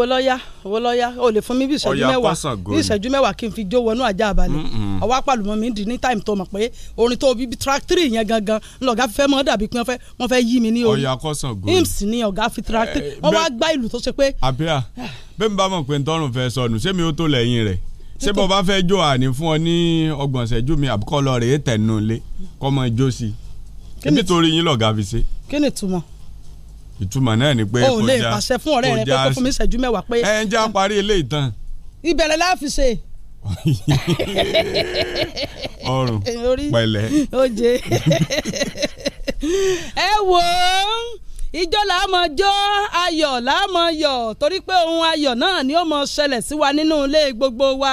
owó lọ́yà owó lọ́yà o lè fún mi bí ìṣẹ́jú mẹ́wàá bí ìṣẹ́jú mẹ́wàá kí n fi jó wọnú àjà àbálẹ̀ ọwọ́ apàlùmọ́ mi dì ní táìmù tó mọ̀ pé orin tó bí tírákítírì yẹn gangan lọ́gá fẹ́ mọ́ dàbí pé wọ́n fẹ́ yí mi ní orí imps ní ọ̀gá fi tírákítírì eh, wọ́n wá gbá ìlú tó ṣe pé. àbíà bẹ́ẹ̀ mi bá mọ̀ pé ntọ́run fẹ́ sọnù ṣé mi ó tó lẹ́yìn rẹ̀ ṣé bọ́ bá fẹ́ jó àní fún ọ ní ọgbọ̀n ṣẹ́jú mi àbúkọ́ lọ rèé tẹ̀nu lé kọ́mọ jó sí i nítorí yín lọ́gá fi ṣe. kí ni túmọ̀ ìtumọ̀ náà ni pé kọjá o lè pàṣẹ fún ọ̀rẹ́ rẹ pé kó fún mi ṣẹ́jú mẹ́wàá pé. ẹ ń já parí ilé ìtàn. ìbẹ̀rẹ̀ la fi ṣe. ọrùn pẹ̀lẹ́. oje ẹ wo ijó la mọ jó ayọ̀ la mọ yọ̀ torí pé ohun ayọ̀ náà ni ó mọ ṣẹlẹ̀ sí wa nínú ilé gbogbo wa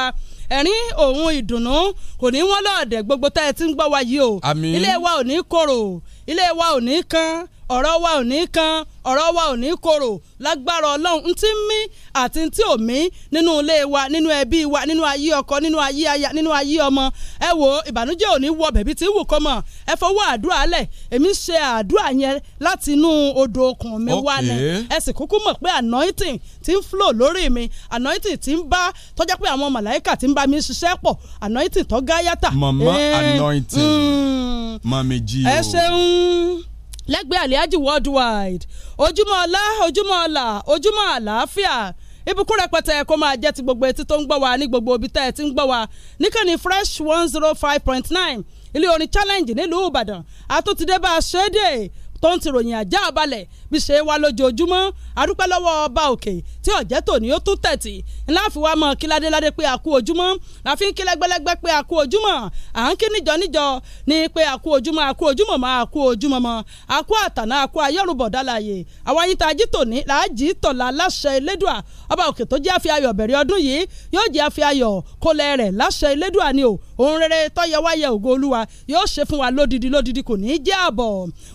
ẹ̀rín òun ìdùnnú kò ní wọ́n lọ́ọ̀dẹ̀ gbogbo tá ẹ ti ń gbọ́ wa yìí o ilé wa ò ní korò ilé wa ò ní kan ọ̀rọ̀ wa ò ní kan ọ̀rọ̀ wa ò ní korò lágbára ọlọ́run ń ti mí àti ń ti ò nínú ilé wa nínú ẹbí wa nínú ayé ọkọ nínú ayé aya nínú ayé ọmọ ẹ wo ìbànújẹ́ ò ní wọ bẹ̀bí tí wù kọ́ mọ̀ ẹ fọwọ́ àdúrà lẹ̀ èmi ṣe àdúrà yẹn láti inú odò okùn mi wá ni ẹ sì kúkú mọ̀ pé anointing ti ń flow lórí mi anointing ti ń bá tọ́jà pé àwọn màláìkà ti ń bá mi ṣiṣẹ́ pọ̀ anointing tó gáyàtà. mama eh, anointing mami jí o ẹ ṣeun lẹ́gbẹ̀ẹ́ Alhaji worldwide ojúmọ́ ọlá ojúmọ́ ọlà ojúmọ́ àlàáfíà ibùkún rẹpẹtẹ kó máa jẹ́ ti gbogbo etí tó ń gbọ́ wa ní gbogbo ibi tẹ́ ẹ ti ń gbọ́ wa níkànnì fresh one zero oh five point nine ilé orin challenge nílùú Ìbàdàn àtúntìdé bá a ṣe é dé tó ń ti ròyìn àjá àbálẹ̀ bí ṣe wá lójoojúmọ́ adúpẹ́ lọ́wọ́ ọba òkè tí ọ̀jẹ́ tòní ó tún tẹ̀tì ńlá fi wá mọ́ kíládéládé pé àkú ojúmọ́ láfi ń kílẹ́gbẹ́lẹ́gbẹ́ pé àkú ojúmọ́ à ń kí níjọ níjọ ní pé àkú ojúmọ́ àkú ojúmọ́ mọ́ àkú ojúmọ́ mọ́ àkú àtàná àkú ayọ́rùbọ̀ dálàyè àwọn ayíta ají tòní làájì tọ̀là láṣẹ elédùà ọba òkè tó jẹ́ àfi bẹ̀rẹ̀ ọdún yìí yóò jẹ́ àfi kólẹ̀ rẹ̀ láṣẹ elédùà ni o òun rere tọ́yẹ wáyẹ ògo olúwa yóò ṣe fún wa lódidi lódidi kò ní í jẹ́ àbọ̀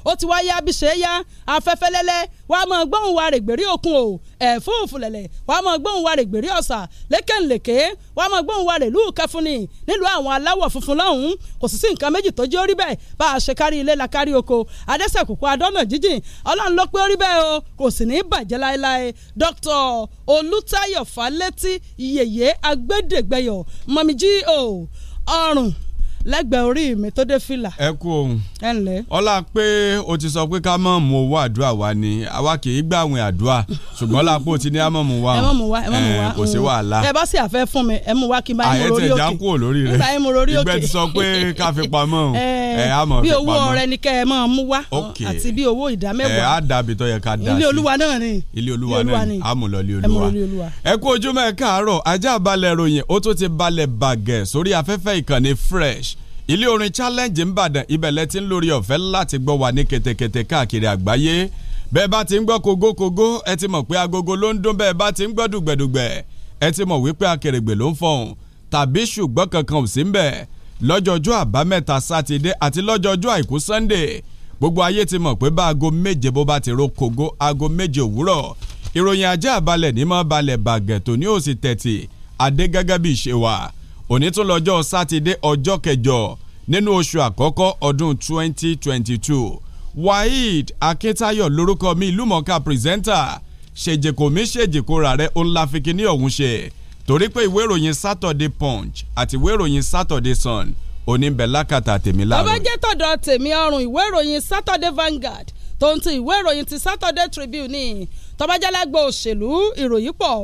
ó ti wáyé abiṣẹ́ yá afẹ́fẹ́ fẹ́lẹ́fẹ́lẹ́ wà á máa gbóhùn wa règbèrè òkun o ẹ̀fúùfù lẹ̀lẹ̀ wà á máa gbóhùn wa règbèrè ọ̀sà lékèǹlèké wà á máa gbóhùn wa rèlú kẹfúnni nílùú àwọn aláwọ̀ funfun lọ́hùn-ún kò sì sí nǹkan méjì tó jẹ́ orí bẹ́ẹ̀ bá a ṣe kárí ilé la kárí oko adẹ́sẹ̀kùkù adọ́nà jíjìn ọlọ́run ló pé orí bẹ́ẹ̀ o kò sì ní bàjẹ́ láéláé dr olùtayọ̀ falẹ́tí yèyé agbẹ́dẹ̀gbẹ́yọ̀ mọ̀mí g o ọrùn lẹ́gbẹ̀ẹ́ orí mi tó dé fìlà. ẹ kú ohun ẹ ǹlẹ́. ọlá pé o ti sọ pé ká mọ̀ mú owó àdúrà wa ni àwa kì í gbàwìn àdúrà ṣùgbọ́n lápò ti ní á mọ̀ mú wa. ẹ mọ̀ mú wa ẹ mọ̀ mú wa kò sí mm. wàhálà. ẹ bá sì àfẹ́ fún mi ẹ mú wa kí n bá yín mo lórí òkè. àyẹ̀tẹ̀ já kúrò lórí rẹ̀ ìgbẹ́ ti sọ pé ká fi pamọ́ o ẹ á mọ̀ fi pamọ́. bí owó ọrẹ ni kẹ́ ẹ máa mú wá àti bí owó ìdá ẹ á dàbí tó yẹ fresh ilé orin challenge ńbàdàn ibẹ̀lẹ̀ tí ń lórí ọ̀fẹ́ láti gbọ́ wà ní kẹ̀tẹ̀kẹ̀tẹ̀ káàkiri àgbáyé bẹ́ẹ̀ bá ti ń gbọ́ kogókogó ẹ ti mọ̀ pé agogo ló ń dún bẹ́ẹ̀ bá ti ń gbọ́ dùgbẹ̀dùgbẹ̀ ẹ ti mọ̀ wípé akèrègbè ló ń fọhùn tàbí ṣùgbọ́n kankan ò sí ń bẹ̀ lọ́jọ́jọ́ àbámẹ́ta sátidé àti lọ́jọ́jọ́ àìkú sunday gbogbo ayé ti mọ̀ pé bá aago méje bó bá ti ro kogo aago méje òwúrọ̀ ìròyìn ajá àbalẹ̀ ní mọ́ balẹ̀ bàgẹ̀ tó òsì tẹ̀tì adé gẹ́gẹ́ bí ìṣe wà òní tún lọ́jọ́ sátidé ọjọ́ kẹjọ nínú oṣù àkọ́kọ́ ọdún 2022 waheed akintayo lórúkọ mi ìlúmọ̀ọ́ká pírẹsẹ́ńtà ṣèjìkò mi ṣèjìkò rà rẹ òun la fi kíní ọ̀hún ṣe torí pé ìwé ìròyìn Saturday Punch àti ìwé ìròyìn Saturday Sun oníbẹ̀ lákàtà tèmi láàrú. bàbá jẹ́ tọ̀dọ̀ tèmi ọrùn ìwé ìròyìn Saturday Vanguard tó ń ti ìwé ìròyìn ti Saturday Tribune ni tọ́bájálágbó òṣèlú ìròyìn pọ̀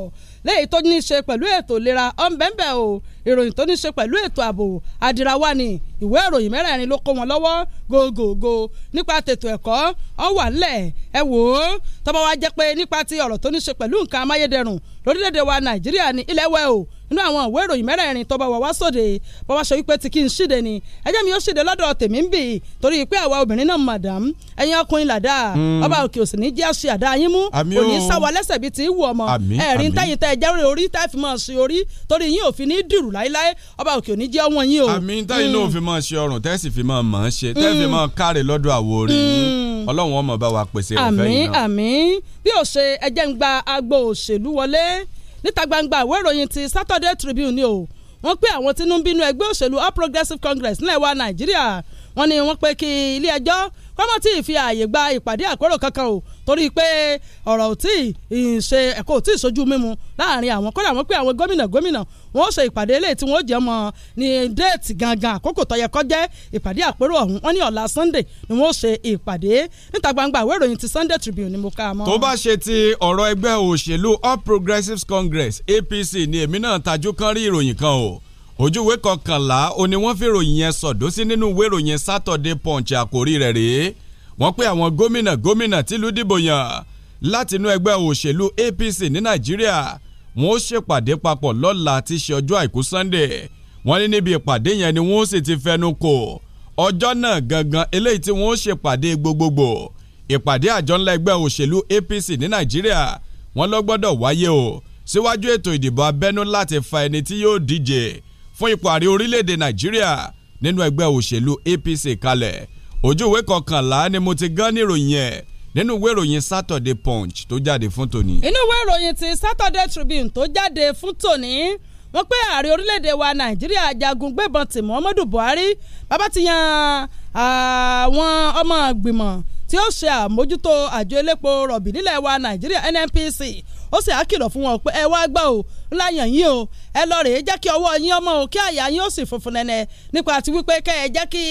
léyìí tó ní í ṣe pẹ̀lú ètò ìlera ọ̀nbẹ̀ńbẹ̀ o ìròyìn tó ní ṣe pẹ̀lú ètò ààbò àdìrawá ni ìwé ìròyìn mẹ́rẹ̀ẹ̀rin ló kó wọn lọ́wọ́ gògògò nípa tètò ẹ̀kọ́ ọ̀n wà ńlẹ̀ ẹ wò ó tọ́ba wa jẹ́ pé nípa ti ọ̀rọ̀ tó ní ṣe pẹ̀lú nǹkan amáyédẹrùn lórílẹ̀‐èdè wa Nàìjíríà ní ilẹ̀ wẹ̀ o nínú àwọn ìwé ìròyìn mẹ́rẹ̀ẹ̀rin tó bá wà wá sóde bó wá sọ wípé tí kì í ṣìde ni ẹjẹ́ mi yóò ṣìde lọ́dọ̀ tèmi ń bì torí pé àwa obìnrin náà madam ẹ̀yin ọkùnrin làdá hmm. ọba òkè òsì ní jẹ́ ṣe àdá yín mú kò ní lẹ́sẹ̀ bíi ti wù ọmọ ẹ̀rín táyìn tẹ́ ẹ orí tá fi máa ṣe orí torí yín ò fi ní dìrù láéláé ọba òkè òní jẹ́ wọ́n yín o. àmì táyìn náà ò hmm. fi máa ṣe ọrùn tẹ́ fi máa mọ̀ ṣe tẹ́ fi hmm. máa káre lọ́dọ̀ àwo orí ọlọ́run ọmọ bá wa pèsè ọ̀fẹ́ yìí náà. àmì àmì bí ò ẹjẹ́ ń gba agbo òṣèlú wọlé níta gbangba ìwé ìròyìn ti Saturday Tribune ni o wọ́n pé àwọn tí ń bínú ẹgbẹ́ òṣèlú All Progressives Congress nílẹ̀ wa Nàìjíríà wọ́n ní wọ́n pé kí ilé ẹjọ́ kọ́mọ́ tí ì fi ààyè gba ìpàdé àpérò kankan o torí pé ọ̀rọ̀ ò tí ì ṣe ẹ̀kọ́ ò tí ì sojú mímu láàrin àwọn kódà wọ́n pé àwọn gómìnà gómìnà wọ́n ṣe ìpàdé eléyìí tí wọ́n jẹ́ mọ́ ní déètì gangan àkókò tó yẹ ìpàdé àpérò ọ̀hún wọ́n ní ọ̀la Sunday ni wọ́n ṣe ìpàdé níta gbangba àwọn ìròyìn ti Sunday Tribune ni mo kà mọ́. tó bá ṣe ti ọ̀rọ̀ ẹgbẹ́ òṣèlú All Progressives Congress APC ni èmi náà tajú kan rí ìròyìn kan o ojúwe kọkànlá o ni wọ́n fi ròyìn yẹn sọ̀dọ́ sí nínú ìwé ìròyìn Saturday Punch àkórí rẹ̀ rèé wọ́n pé àwọn gómìnà gómìnà tìlú dìbò yàn látinú ẹgbẹ́ òṣèlú APC ní Nàìjíríà wọ́n ó ṣèpàdé papọ̀ lọ́la ti ṣe ọjọ́ àìkú Sunday wọ́n ní níbi ìpàdé yẹn ni wọ́n sì ti fẹnu kò ọjọ́ náà gangan eléyìí tí wọ́n ó ṣèpàdé gbogbogbò ìpàdé àjọ ńlá ẹgbẹ́ òṣèlú APC ní Nàìjíríà wọ́n lọ gbọ́dọ̀ wáyé o síwájú ètò ìdìbò abẹ́nú láti fa ẹni tí yóò díje fún ipò ààrẹ orílẹ̀-èdè nàìjíríà nínú ẹgbẹ́ òṣèlú APC kalẹ̀ ojú ìwé kọkànlá ni mo ti gán níròyìn ẹ̀ nínú ìwé ìròyìn Saturday Punch tó jáde fún tòní. inú ìwé ìròyìn ti Saturday Tribune tó jáde fún tòní wọ́n pé ààrẹ orílẹ̀-èdè wa nàìjíríà jagun gbébọn tì Muhammadu Buhari bàbá ti yan àwọn ọmọ ìgbìmọ̀ tí ó ṣe àmójútó àjọ elépo rọ̀bì nílẹ̀ wa nàìjíríà NNPC ó sì á kìlọ̀ fún wọn pé ẹ wá gbà ó láyàn yín o ẹ lọ rèé jẹ́ kí ọwọ́ yín ọmọ o kí àyà yín ó sì funfun nẹ́nẹ́ nípa ti wípé kẹ́ ẹ jẹ́ kí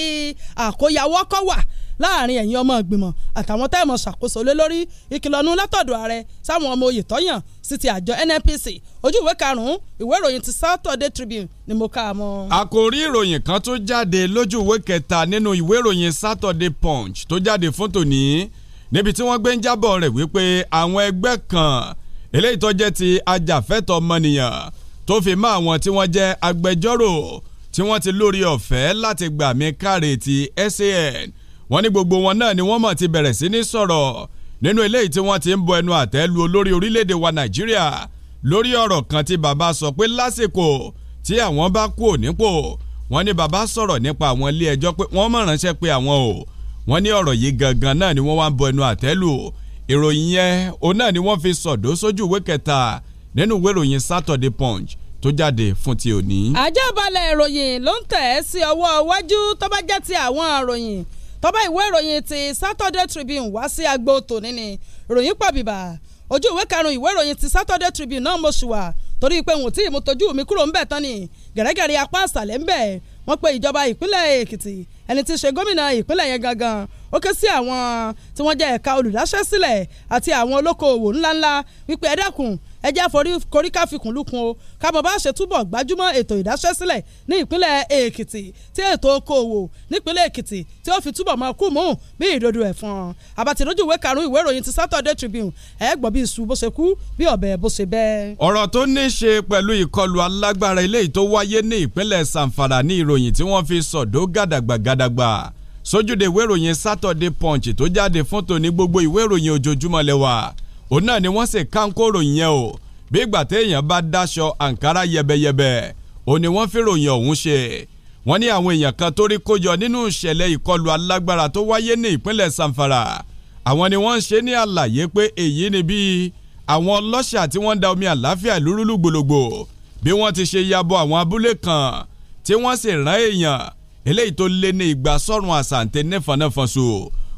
àkóyawọ́ kọ́ wà láàrin ẹ̀yin ọmọ ìgbìmọ̀ àtàwọn tẹ́ẹ̀mọ̀ ṣàkóso lé lórí ìkìlọ̀nù látọ̀dọ̀ ààrẹ sáwọn ọmọ oyè tọ́yàn sí ti àjọ NNPC ojú ìwé karùn-ún ìwé ìròyìn ti Saturday Tribune ni mo kà á mọ́. àkòrí ìròyìn kan tó jáde lójú ìwé kẹta nínú ìwé ìròyìn Saturday Punch tó jáde fún tòní níbi tí wọ́n gbé ń jábọ̀ rẹ̀ wípé àwọn ẹgbẹ́ kan eléyìí tó jẹ́ ti ajàfẹ́tọ̀ ọmọnìyàn tó fi mọ́ àwọn tí wọ́n jẹ́ agbẹjọ́rò tí wọ́n ti lórí ọ̀fẹ́ láti gbà mí káre ti SAN wọ́n ní gbogbo wọn náà ni wọ́n mọ̀ ti bẹ̀rẹ̀ sí ní sọ̀rọ̀ nínú eléyìí tí wọ́n ti ń bọ ẹnu àtẹ́ lu olórí orílẹ̀-èdè wa Nàìjíríà lórí ọ̀rọ̀ kan tí bàbá sọ pé lásìkò tí àwọn bá kú nípò wọ́n ní bàbá sọ̀rọ̀ nípa àwọn ilé ẹjọ́ pé wọ́n mọ̀ pé àwọn o wọ́n ní ọ̀rọ̀ yìí gangan náà ni wọ́n wá ń bọ ẹnu àtẹ́ lu ìròyìn yẹn òun náà ni wọ́n fi sọ̀dọ́ sójú ìwé kẹta nínú ìwé ìròyìn Saturday Punch tó jáde fún ti òní. àjàbalẹ̀ ìròyìn ló ń tẹ̀ ẹ́ sí ọwọ́ iwájú tó bá jẹ́ ti àwọn ìròyìn tó bá ìwé ìròyìn ti Saturday Tribune wá sí agbo tòní ni ìròyìn pọ̀ bìbà ojú ìwé karùn-ún ìwé ìròyìn ti Saturday Tribune náà mo ṣùwà torí pé wọn tí mo tọ́jú mi kúrò ń bẹ̀ tán ni gẹ̀rẹ́gẹ̀rẹ́ apá àṣàlẹ̀ ń bẹ̀ pe ìjọba ìpínlẹ̀ Èkìtì ẹni tí ṣe gómìnà ìpínlẹ̀ yẹn gangan ó ké sí àwọn tí wọ́n jẹ́ ẹ̀ka olùdáṣẹ́sílẹ̀ àti àwọn olókoòwò ńláńlá wípé ẹ dákun ẹ jẹ́ àforíkorí káfikùn lukùn o kábọ̀ bá ṣe túbọ̀ gbajúmọ̀ ètò ìdáṣẹ́sílẹ̀ ní ìpínlẹ̀ èkìtì tí ètò okòòwò nípínlẹ̀ èkìtì tí ó fi túbọ̀ máa kú mú bí ìdodo ẹ̀fọn àbàtìlójú ìwé karùn-ún ìwé ìròyìn ti Saturday Tribune ẹ gbọ́ bí iṣu bó ṣe kú bí ọ̀bẹ bó ṣe bẹ́. ọ̀rọ̀ tó ní ṣe pẹ̀lú ìkọlù alágbára eléyìí tó wáyé ní ìpínlẹ̀ Zamfara ní ìròyìn tí wọ́n fi sọ̀dọ̀ gàdàgbà gàdàgbà sójúde ìwé ìròyìn Saturday Punch tó jáde fún tòní gbogbo ìwé ìròyìn ojoojúmọ́ lẹ́wà òun náà ni wọ́n sì kánkó ròyìn yẹn o bí ìgbà téèyàn bá dáṣọ àǹkárá yẹbẹyẹbẹ òun ni wọ́n fi ròyìn ọ̀hún ṣe wọ́n ní àwọn èèyàn kan tó rí kójọ nínú ìṣẹ̀lẹ̀ ìkọlù alágbára tó wáyé ní ìpínlẹ̀ Samfara àwọn ni wọ́n ń ṣe ní àlàyé pé èyí ni bíi àwọn ọlọ́ṣà tí wọ́n ń da omi àláfíà lúrúlú gbòlògbò bí wọ́n ti ṣe yabọ̀ àwọn abúlé kan tí wọ́n sì rán èèyàn eléyìí tó lé ní igba sọ́run àsàǹtẹ̀ nẹ́fọ̀nẹ́fọ̀nso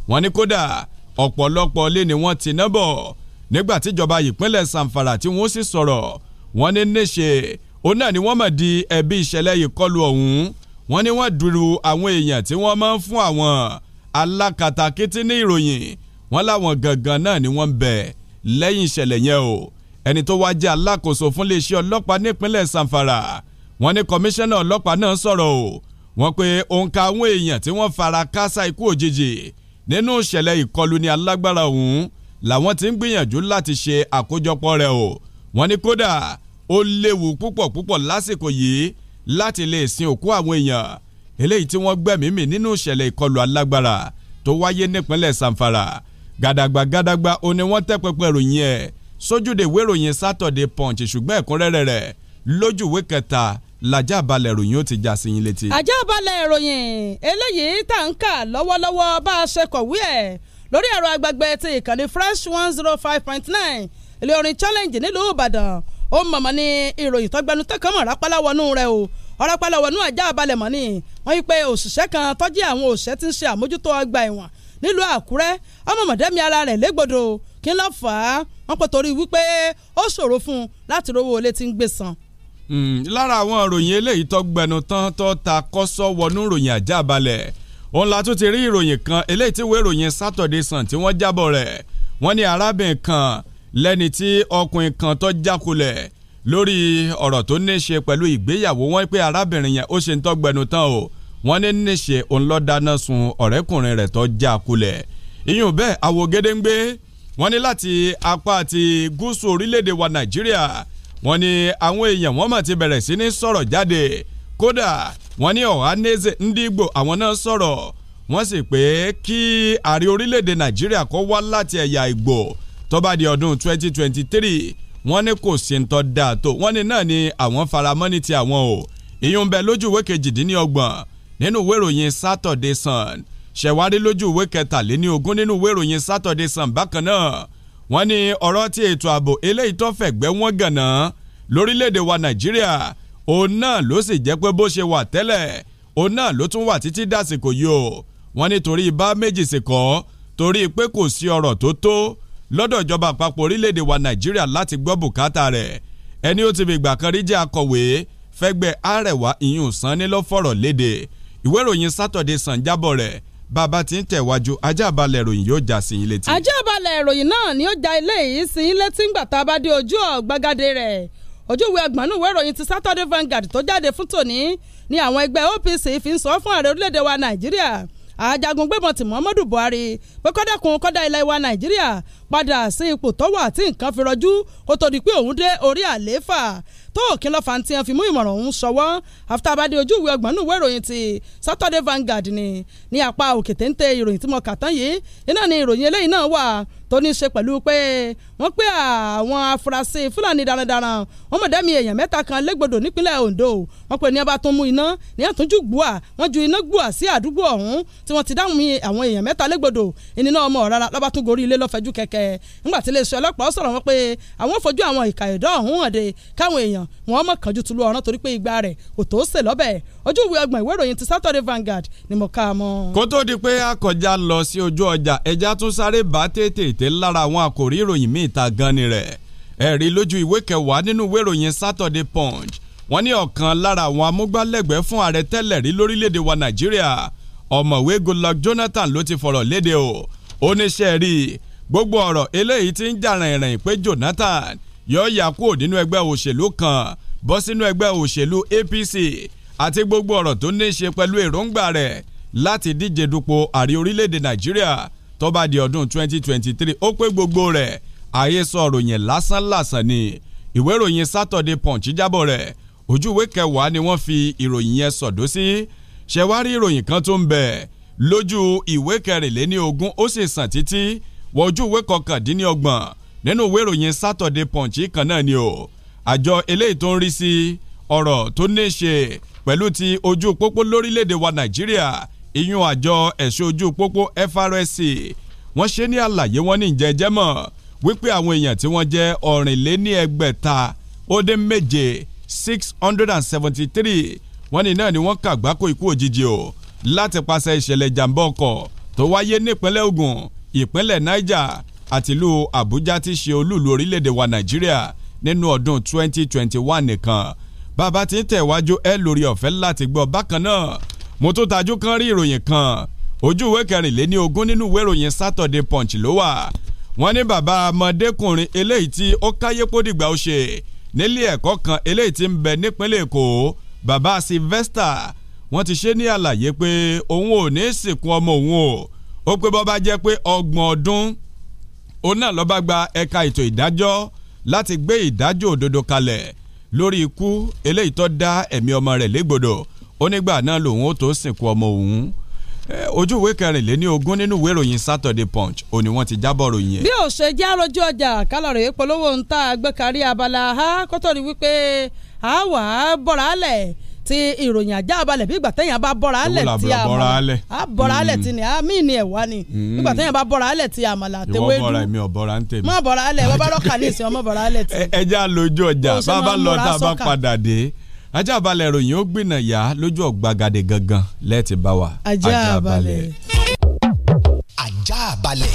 wọ́n ní kódà ọ̀pọ̀lọpọ̀ lé ni wọ́n ti nábọ̀ nígbà tíjọba ìpínlẹ̀ Samfara tí wọ́n sì sọ̀rọ̀ wọ́n ní níṣe òun náà ni wọ́n mọ̀ di ẹ̀bi ìṣẹ̀lẹ̀ ìkọlù ọ̀hún wọ́n ní wọ́n dúró àwọn èèyàn tí wọ́n máa ń fún àwọn alákatakítí ní ìròyìn wọ́n láwọn gangan náà ni wọ́n ń bẹ lẹ́yìn ìṣẹ̀lẹ̀ yẹn o ẹni tó wáá jẹ́ alákòóso fún iléeṣẹ́ ọlọ́pàá nípínlẹ̀ Samfara wọ́n ní kọmíṣánná ọlọ́pàá náà sọ̀rọ̀ o wọ́n pé òǹkà àwọn èèyàn tí wọ́n fara kásá ikú òjijì nínú ìṣẹ̀lẹ̀ ìkọlù ní alágbára ọ̀hún làwọn ti ń gbìyànjú láti ṣe àkójọpọ̀ rẹ̀ o wọ́n ní kódà ó léwu púpọ̀ púpọ̀ lásìkò yìí láti lè sin òkú àwọn èèyàn eléyìí tí wọ́n gbẹ̀mí nínú ìṣẹ̀lẹ̀ ìkọlù alágbára tó wáyé nípínlẹ̀ Zamfara gàdàgbà gàdàgbà ó ní wọ́n tẹ́ pẹpẹ ẹ̀ sójúde ìwé Saturday Punch ṣùgbọ́n ẹ̀kúnrẹ́rẹ́ rẹ̀ lójúwé kẹta làjà balẹ̀ ìròyìn ó ti já sí yín létí. àjà balẹ̀ ìròyìn eléyìí tá ń kà lọ́wọ́lọ́wọ́ bá a ṣe kọ̀wé ẹ̀ lórí ẹ̀rọ agbègbè ti ìkànnì fresh one zero five point nine ilé challenge nílùú ìbàdàn ó mọ̀mọ́ ní ìròyìn tọ́gbẹ́nu tẹ́kàn mọ̀ rápálá wọnú rẹ̀ o ọ̀rápálá wọnú àjà balẹ̀ mọ́ ni wọ́n yí pé òṣìṣẹ́ kan tọ́jú àwọn òṣìṣẹ́ tí ń ṣe àmójútó ọgbà ẹ̀wọ̀n nílùú àkúrẹ́ ọmọ mọ̀dẹ́mi ara rẹ̀ légbodò kí ló fà á wọ́n pọ̀ wípé ó ṣòro fún un láti rówó olé tí ń gbé san Hmm, lára àwọn ìròyìn eléyìí tó gbẹnu tán tó ta kọ́sọ́ wọnú ìròyìn àjábalẹ̀ òun la tún ti rí ìròyìn kan eléyìí tí ìwé ìròyìn Saturday Sun tí wọ́n jábọ̀ rẹ̀ wọ́n ní arábìnrin kan lẹ́ni tí ọkùnrin kan tó jákulẹ̀ lórí ọ̀rọ̀ tó ní ṣe pẹ̀lú ìgbéyàwó wọn pé arábìnrin yẹn ó ṣe ń tọ́gbẹnu tán o wọ́n ní ní ṣe òun lọ́ọ́ dáná sun ọ̀rẹ́kùnrin rẹ̀ tó jákulẹ̀ iyùn bẹ́ẹ̀ àwògedengbe wọ́n ní láti apá àti gúúsù orílẹ̀-èdè wa Nàìjíríà wọ́n ní àwọn èèyàn wọ́n mọ̀ ti bẹ̀rẹ̀ sí ní sọ̀rọ̀ jáde kódà wọ́n ní Ohanaeze Ndigbo àwọn náà sọ̀rọ̀ wọ́n sì pé kí ààrẹ orílẹ̀-èdè Nàìjíríà kó wá láti ẹ̀yà Ìgbò tó di ọdún 2023 wọ́n ní kò sí ń tọ́ da tó wọ́n ní náà ni àwọn faramọ́ ní ti àwọn o ìyún bẹ lójú ìwé kejìdínlọ́gbọ̀n nínú ìwé ìròyìn Saturday Sun ṣẹ̀wárí lójú ìwé kẹtàléní ogún nínú ìwé ìròyìn Saturday Sun bákan náà wọ́n ní ọ̀rọ̀ tí ètò ààbò eléyìí tó fẹ̀gbẹ́ wọn gànà lórílẹ̀ wa nàìjíríà òun náà ló sì jẹ́ pé bó ṣe wà tẹ́lẹ̀ òun náà ló tún wà títí dàsìkò yìí o wọ́n ní torí bá méjì sì kọ́ torí pé kò sí ọ̀rọ̀ tó tó lọ́dọ̀ ìjọba àpapọ̀ orílẹ̀‐èdè wa nàìjíríà láti gbọ́ bùkátà rẹ̀ ẹni ó ti fi ìgbà kan rí jẹ́ akọ̀wé fẹ́gbẹ́ arẹwà ìyún sanni ló fọ̀rọ̀ léde ìwé Saturday Sun jábọ̀ rẹ̀ bàbá tí ń tẹ̀wájú ajá balẹ̀ ìròyìn yóò já sí ilé tí. ajá balẹ̀ ìròyìn náà ni ó já ilé yìí sí ilé tí ń gbàtà bá dé ojú ọ̀gbagadé rẹ̀ ojú ìwé agbọ̀nú ìwé ìròyìn ti Saturday Vanguard tó jáde fún tòní ni àwọn ẹgbẹ́ OPC fi ń sọ fún ààrẹ orílẹ̀-èdè wa Nàìjíríà ajagun gbébọn tí Muhammadu Buhari pé kọ́dẹ̀kun kọ́dà ilẹ̀ wa Nàìjíríà padà sí ipò tó wà tí nǹkan fi rọjú kó tó di pé òun dé orí àlééfà tó òkín lọ́fà tí wọ́n fi mú ìmọ̀ràn ọ̀hún ṣọwọ́ after abade ojú ìwé ọgbọ̀n nínú ìwé ìròyìn ti Saturday Vanguard ni ní apá òkè téńté ìròyìn tí mo kà tán yìí iná ni ìròyìn eléyìí náà wà tó ní í ṣe pẹ̀lú pé wọ́n pé àwọn afurasí fúlàní darandaran wọ́n mọ̀ dẹ́mi èèyàn mẹ́ta kan légbodò nípínlẹ̀ Ondo wọ́n pè ní ọba tó mú iná ní àtúnjú gbùà wọ́n ju iná gbùà sí àdúgbò ọ̀hún tí wọ́n ti dáhùn àwọn èèyàn mẹ́ta légbodò ìnínà ọmọ rárá lọ́ba tún gorí ilé lọ́fẹ̀jú kẹ̀kẹ́ nígbà iléeṣẹ́ ọlọ́pàá sọ̀rọ̀ wọn pé àwọn fojú àwọn ìkà ẹ̀dọ́ ọ̀hún hàn káwọn èèyàn wọn mọ̀ kánjú tulu ọ̀ràn torí pé ìgbà rẹ̀ kò tó sè lọ́bẹ̀ ojú ìwé ọgbọ̀n ìwé ìròyìn ti Saturday Vanguard ni mo kà mọ́. kó tó di pé akọjá lọ sí ojú ọjà ẹja tún sáré bá tètè lára àwọn àkòrí ìròyìn míì ìta gan ni rẹ̀ ẹ̀rí lójú ìwé kẹwàá nínú ìwé ìròyìn Saturday Punch wọ́n ní ọ̀kan lára àwọn amúgbálẹ́gbẹ̀ẹ́ fún ààrẹ tẹ́lẹ̀ rí lórílẹ̀‐èdè wa Nàìjíríà ọ̀mọ̀wé Goodluck Jonathan ló ti fọ̀rọ̀ léde o oníṣẹ́ rí gbogbo ọ̀rọ̀ eléyìí ti ń jà rìnrìn pé Jonathan yóò yà kúrò nínú ẹgbẹ́ òṣèlú kan bọ́ sínú ẹgbẹ́ òṣèlú APC àti gbogbo ọ̀rọ̀ tó ní í ṣe pẹ̀lú èròǹgbà rẹ̀ láti díje dupò ààrẹ orílẹ̀-èdè Nàìjíríà tó di ọdún 2023 ó pé gbogbo rẹ̀ àhesọ ìròyìn lásánlàsàn ni ìwé ìròyìn Saturday Punch jábọ̀ rẹ̀ ojú ìwé kẹwàá ni wọ́n fi ìròyìn yẹn sọ̀dọ́ sí ṣẹ̀wárí ìròyìn kan tó ń bẹ lójú ìwé kẹrìnléní ogún ó sì sàn títí wọ ojú ìwé kọkàndínlọ́gbọ̀n nínú ìwé ìròyìn Saturday Punch kan náà ni o àjọ eléyìí tó ń rí sí ọ̀rọ̀ tó ní ṣe pẹ̀lú ti ojú pópó lórílẹ̀‐èdè wa Nàìjíríà ìyún àjọ ẹ̀ṣọ́ ojú pópó FRSC wọ́n ṣe ní àlàyé wọn ní ìjẹ́jẹ́ mọ́ wípé àwọn èèyàn tí wọ́n jẹ́ ọ̀rìnléní ẹgbẹ̀ta ó dé méje six hundred and seventy three wọ́n ní náà ni wọ́n kàgbákò ikú òjijì o láti pàṣẹ ìṣẹ̀lẹ̀ ìjàmbá ọkọ̀ tó wáyé nípínlẹ̀ Ògùn ìpínlẹ̀ Niger àti ìlú Àbújá ti ṣe olúùlú orílẹ̀-èdè wa Nàìjíríà nínú ọdún twenty twenty one nìkan bàbá ti ń tẹ̀wájú ẹ lórí ọ̀fẹ́ láti gbọ́ bákan náà mo tún tajú kan rí ìròyìn kan ojú ìwé kẹrìnléní nínú ìwé ìròyìn Saturday Punch ló wà wọ́n ní bàbá ọmọdékùnrin eléyìí tí ó káyé pódìgbà ó ṣe nílé ẹ̀kọ́ kan eléyìí tí ń bẹ nípínlẹ̀ èkó bàbá Sylvester wọ́n ti ṣe ní àlàyé pé òun ò ní sìnkú ọmọ òun o ó pé bọ́ bá jẹ́ pé ọgbọ̀n ọdún òun náà lọ́ọ́ bá gba ẹ̀ka ètò ìdájọ́ láti gbé ìdájọ́ òdodo kalẹ̀ lórí ikú eléyìí tó dá ẹ̀mí ọmọ rẹ̀ légbodò ó nígbà náà lòun ó tó sìnkú ọmọ òun Eh, ojú ìwé kẹrìnléní ogún nínú ìwé ìròyìn Saturday Punch òní wọ́n ti jábọ̀ ròyìn ẹ̀. bí ó ṣe jẹ́ àròjù ọjà kálọ̀rì polówó ń ta àgbẹ̀kárí abala ha kó tó rí wípé a wà á bọ̀rọ̀ alẹ̀ ti ìròyìn ajá balẹ̀ bí ìgbà téèyàn bá bọ̀rọ̀ alẹ̀ ti àmàlà a bọ̀rọ̀ alẹ̀ hmm. ti ni àmì ni ẹ̀ wá ni hmm. ìgbà téèyàn bá bọ̀rọ̀ alẹ̀ ti àmàlà àtẹwé ìwọ bọ̀rọ̀ mi ò bọ̀rọ̀ ń tèmi. má bọ̀rọ̀ alẹ̀ wọ́n bá rọ́ọ̀kà ní ìsìn ọmọ ajábalẹ̀ ìròyìn ó gbìnà yá lójú ọ̀gbagadè gangan lẹ́ẹ̀tì bá wa. ajábalẹ̀. ajábalẹ̀. ajábalẹ̀.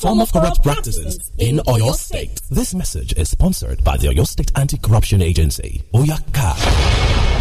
form of corrupt practices in Oyo State. This message is sponsored by the Oyo State Anti-Corruption Agency, Oyaka.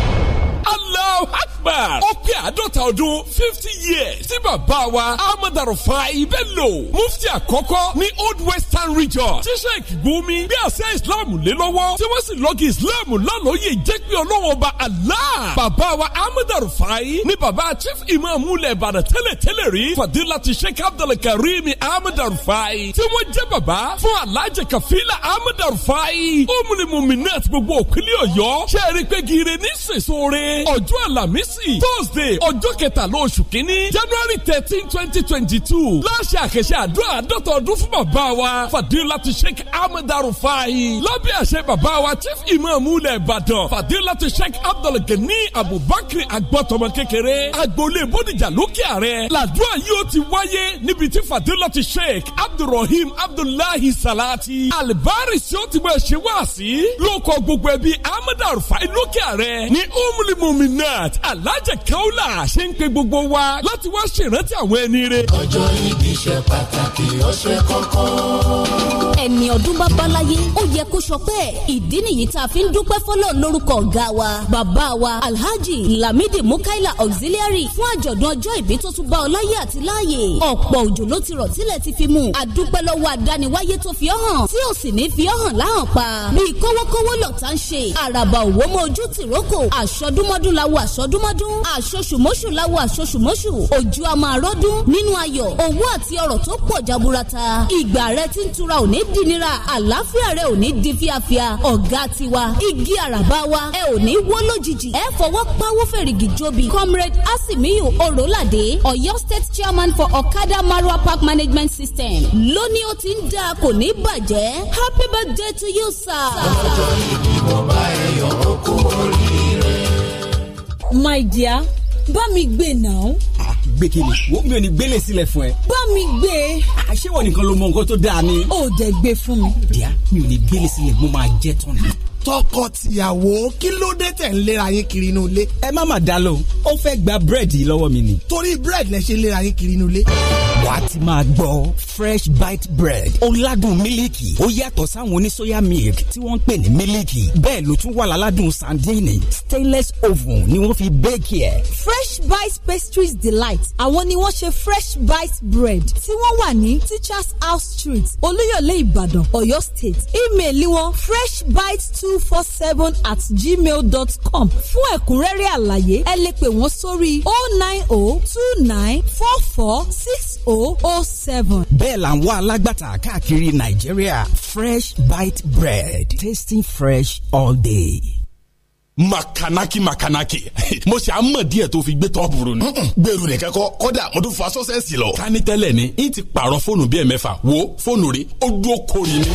Allahu Akbar. ó pé àádọ́ta ọdún fifty years tí bàbá wa Ahmad Arufai Bello mufti àkọ́kọ́ ní Old Western Region tí Sheikh Gumi bí àṣẹ Islam lé lọ́wọ́ tí wọ́n sì lọ́gì Islam lálóye jẹ́ pé ọlọ́wọ́ ba Allah. bàbá wa Ahmad Arufai ni bàbá Chief Imam ulẹ̀ Ìbàdàn tẹ́lẹ̀tẹ́lẹ̀ rí Fadilati Sheikh Abdulkareem Ahmad Arufai tí wọ́n jẹ́ bàbá fún Alhaji Kafila Ahmad Arufai ó múni mùmí náà ti gbogbo òkúlé Ọ̀yọ́ ṣe é rí pé gire ní sèso re jáde ọjọ́ àlàmísì Thursday ọjọ́ kẹtàlá oṣù kínní January thirteen twenty twenty two láṣẹ àkẹṣẹ àdúrà àdọ́tọ̀ ọdún fún bàbá wa Fadilatu Sheikh Ahmed Arufai lábẹ́ àṣẹ bàbá wa Chief Imam ulẹ̀ Ìbàdàn Fadilatu Sheikh Abdulgani Abubakar agbọ́tọmọ kékeré agboolé Bódìjà lókè àrẹ làdúrà yìí ó ti wáyé níbi tí fadilati sheikh abdulrahim abdullahi salati alibari tí ó ti máa ṣe wá sí ló gbogbo ẹbí ahmed arufai lókè ààrẹ ní umri muminat alhaji kaula ṣe ń pe gbogbo wa láti wá ṣèrántí àwọn ẹni rẹ. ọjọ́ ìbí ṣe pàtàkì ọ̀ṣẹ́ kọ̀ọ̀kan. ẹni ọdún bá balaye ó yẹ kó sọ pé ìdí nìyí tá a fi ń dúpẹ́ fọlọ́ lórúkọ ọ̀gá wa bàbá wa alhaji lamidi mukaila auxiliary fún àjọ̀dún ọjọ́ ìbí tó tún bá ọ láyé àti láàyè ọ̀pọ̀ òjò ló ti rọ̀ tílẹ̀ ti fi mú àdúpẹ́ lọ́wọ́ àdániwáyé tó fi ọ́ hàn tí ò sì ní fi ọ́ hàn láhàn pa bí kówókówó lọ́ta ń ṣe àràbà òwò mọ ojú tìrókò àṣọdúnmọ́dún lawo àṣọdúnmọ́dún àṣoṣùmọ́ṣù lawo àṣoṣùmọ́ṣù òjò a máa rọ́dún nínú ayọ̀ owó àti ọrọ̀ tó pọ̀ jaburata ìgbà rẹ ti ń tura òní dínira àlàáfíà rẹ òní di fíafíà ọ̀gá tiwa igi àràbà wa ẹ òní wó lójijì ẹ fọwọ́ pawó fèrègì jobi comrade asimiyu orolade Ọ̀yọ́ state chairman for okada mar Arwa Park Management System lónìí ó ti ń dà kò ní bàjẹ́ happy birthday to you sir. ọjọ́ ìdìbò bá ẹyọ okú oríire. my dear bá mi gbé náà. gbé kiri wo mi ò ní gbélé sílẹ̀ fún ẹ. bá mi gbé. àṣé wọn nìkan ló mọ nǹkan tó dáa ni. ó dẹ̀ gbé fún mi. díà mi ò ní gbélé sílẹ̀ mo máa jẹ́ tán ni tọkọ tìyàwó kí ló dé tẹ̀ ń léra yín kiri inú ilé. ẹ má mà dá lóhùn ó fẹ́ gba búrẹ́dì lọ́wọ́ mi ni. torí búrẹ́dì lẹ ṣe léra yín kiri inú ilé. wà á ti máa gbọ́ fresh bite bread ó ládùn mílíkì ó yàtọ̀ sáwọn oníṣòyà milk tí wọ́n ń pè ní mílíkì bẹ́ẹ̀ ló tún wà láládùn sandini stainless oven ni wọ́n fi bẹ́ẹ̀kì ẹ̀. fresh bite pastries delight àwọn ni wọ́n ṣe fresh bite bread tí wọ́n wà ní teachers house street olúyọ̀lé ìbàdàn ọ̀yọ́ state email wọn freshbite two four seven at gmail dot com fún ẹ̀kúnrẹ́rẹ́ àlàyé ẹ lè pè wọ́n sórí oh nine oh two nine four four six oh oh seven. bẹ́ẹ̀ là ń wá alágbàtà káàkiri nàìjíríà fresh bite bread tasting fresh all day makanaki makanaki mo ṣe àmọ̀ díẹ̀ tó fi gbé tọ́pù rò ni. gbèrú nìkan kọ kọ́dà mo tún fa sọ́sẹ̀sì lọ. kání tẹ́lẹ̀ ni n ti pààrọ̀ fóònù bíi ẹ̀mẹ́fà wo fóònù rí ó dúró kórì ni.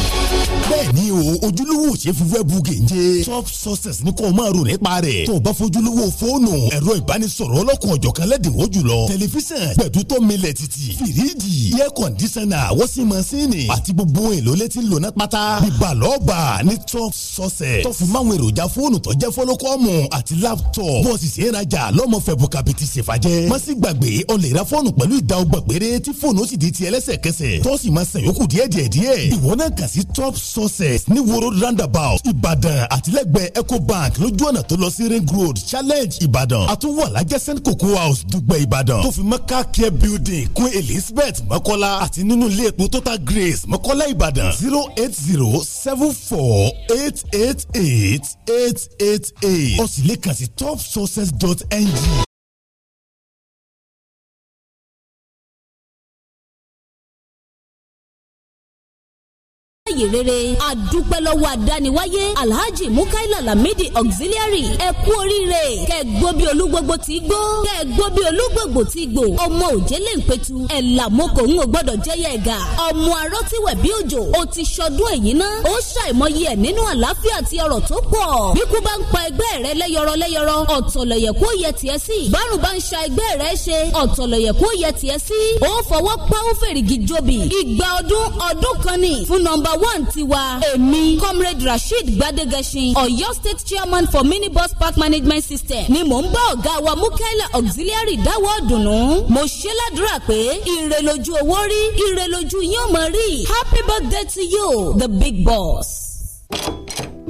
bẹ́ẹ̀ni o ojúlówó ṣe fúnfẹ bu gèje. top success ni kò máa rò nípa rẹ̀. tó o bá fojúlówó fóònù ẹ̀rọ ìbánisọ̀rọ̀ ọlọ́kùn ọ̀jọ̀kan lẹ́dínwó jùlọ. tẹlifíṣàn gbẹdutọ milẹ titi firiji iye kọndisana wọ́sí masini àti gbogbo èlò létí lónà pátá. bíbalọ́ọ̀bà ní top success púrókọ́ọ̀mù àti láptọ̀pù bọ́ọ̀sì sí ìrajà lọ́mọ fẹ̀bù kàbìtì ṣèfàjẹ́ má sì gbàgbé o lè ra fọ́ọ̀nù pẹ̀lú ìdá ọgbà péré tí fóònù ó sì di ti ẹlẹ́sẹ̀kẹsẹ̀ tọ́sí máa san yòókù díẹ̀díẹ̀ díẹ̀ ìwọ náà kà sí top sources ní woro roundabout ìbàdàn àtìlẹ́gbẹ̀ẹ́ ecobank lójú ọ̀nà tó lọ sí ring road challenge ìbàdàn àtúwọ̀ send cocoa house dùgbẹ̀ ìbàdàn tó fi mẹ́ka care building kún elizabeth mọ́kọ́lá àti nínú ilé epo total grace mọ́kọ́lá ìbàdàn zero eight zero seven four eight eight eight eight eight eight ó sì lè kàn sí topsources.ng. ìyè rere àdúpẹ́ lọ́wọ́ àdániwáyé alhaji mukaila lamidi auxiliary ẹ kú oríire kẹ gbó bí olúgbogbo ti gbó kẹ gbó bí olúgbogbo ti gbó ọmọ òjèlè ń petu ẹ làmókò ń o gbọ́dọ̀ jẹyẹ ẹ̀gà ọmọ arọ́ ti wẹ̀ bí òjò o ti ṣọdún èyí ná ó ṣàìmọye ẹ̀ nínú àlàáfíà àti ọ̀rọ̀ tó pọ̀ bí kú bá ń pa ẹgbẹ́ rẹ lẹ́yọrọ lẹ́yọrọ ọ̀tọ̀lọ̀yẹ̀ kó yẹ tiẹ̀ sí bárùn bá ń ṣa ẹgbẹ́ rẹ one tiwa èmi comrade rasheed gbadegesin ọ̀yọ́ state chairman for minibus park management system ni mò ń bá ọ̀gá wa mukaila auxiliary dáwọ́ dùnú mo ṣe ládùúrà pé ire lójú owó rí ire lójú mọ rí happy birthday to you the big boss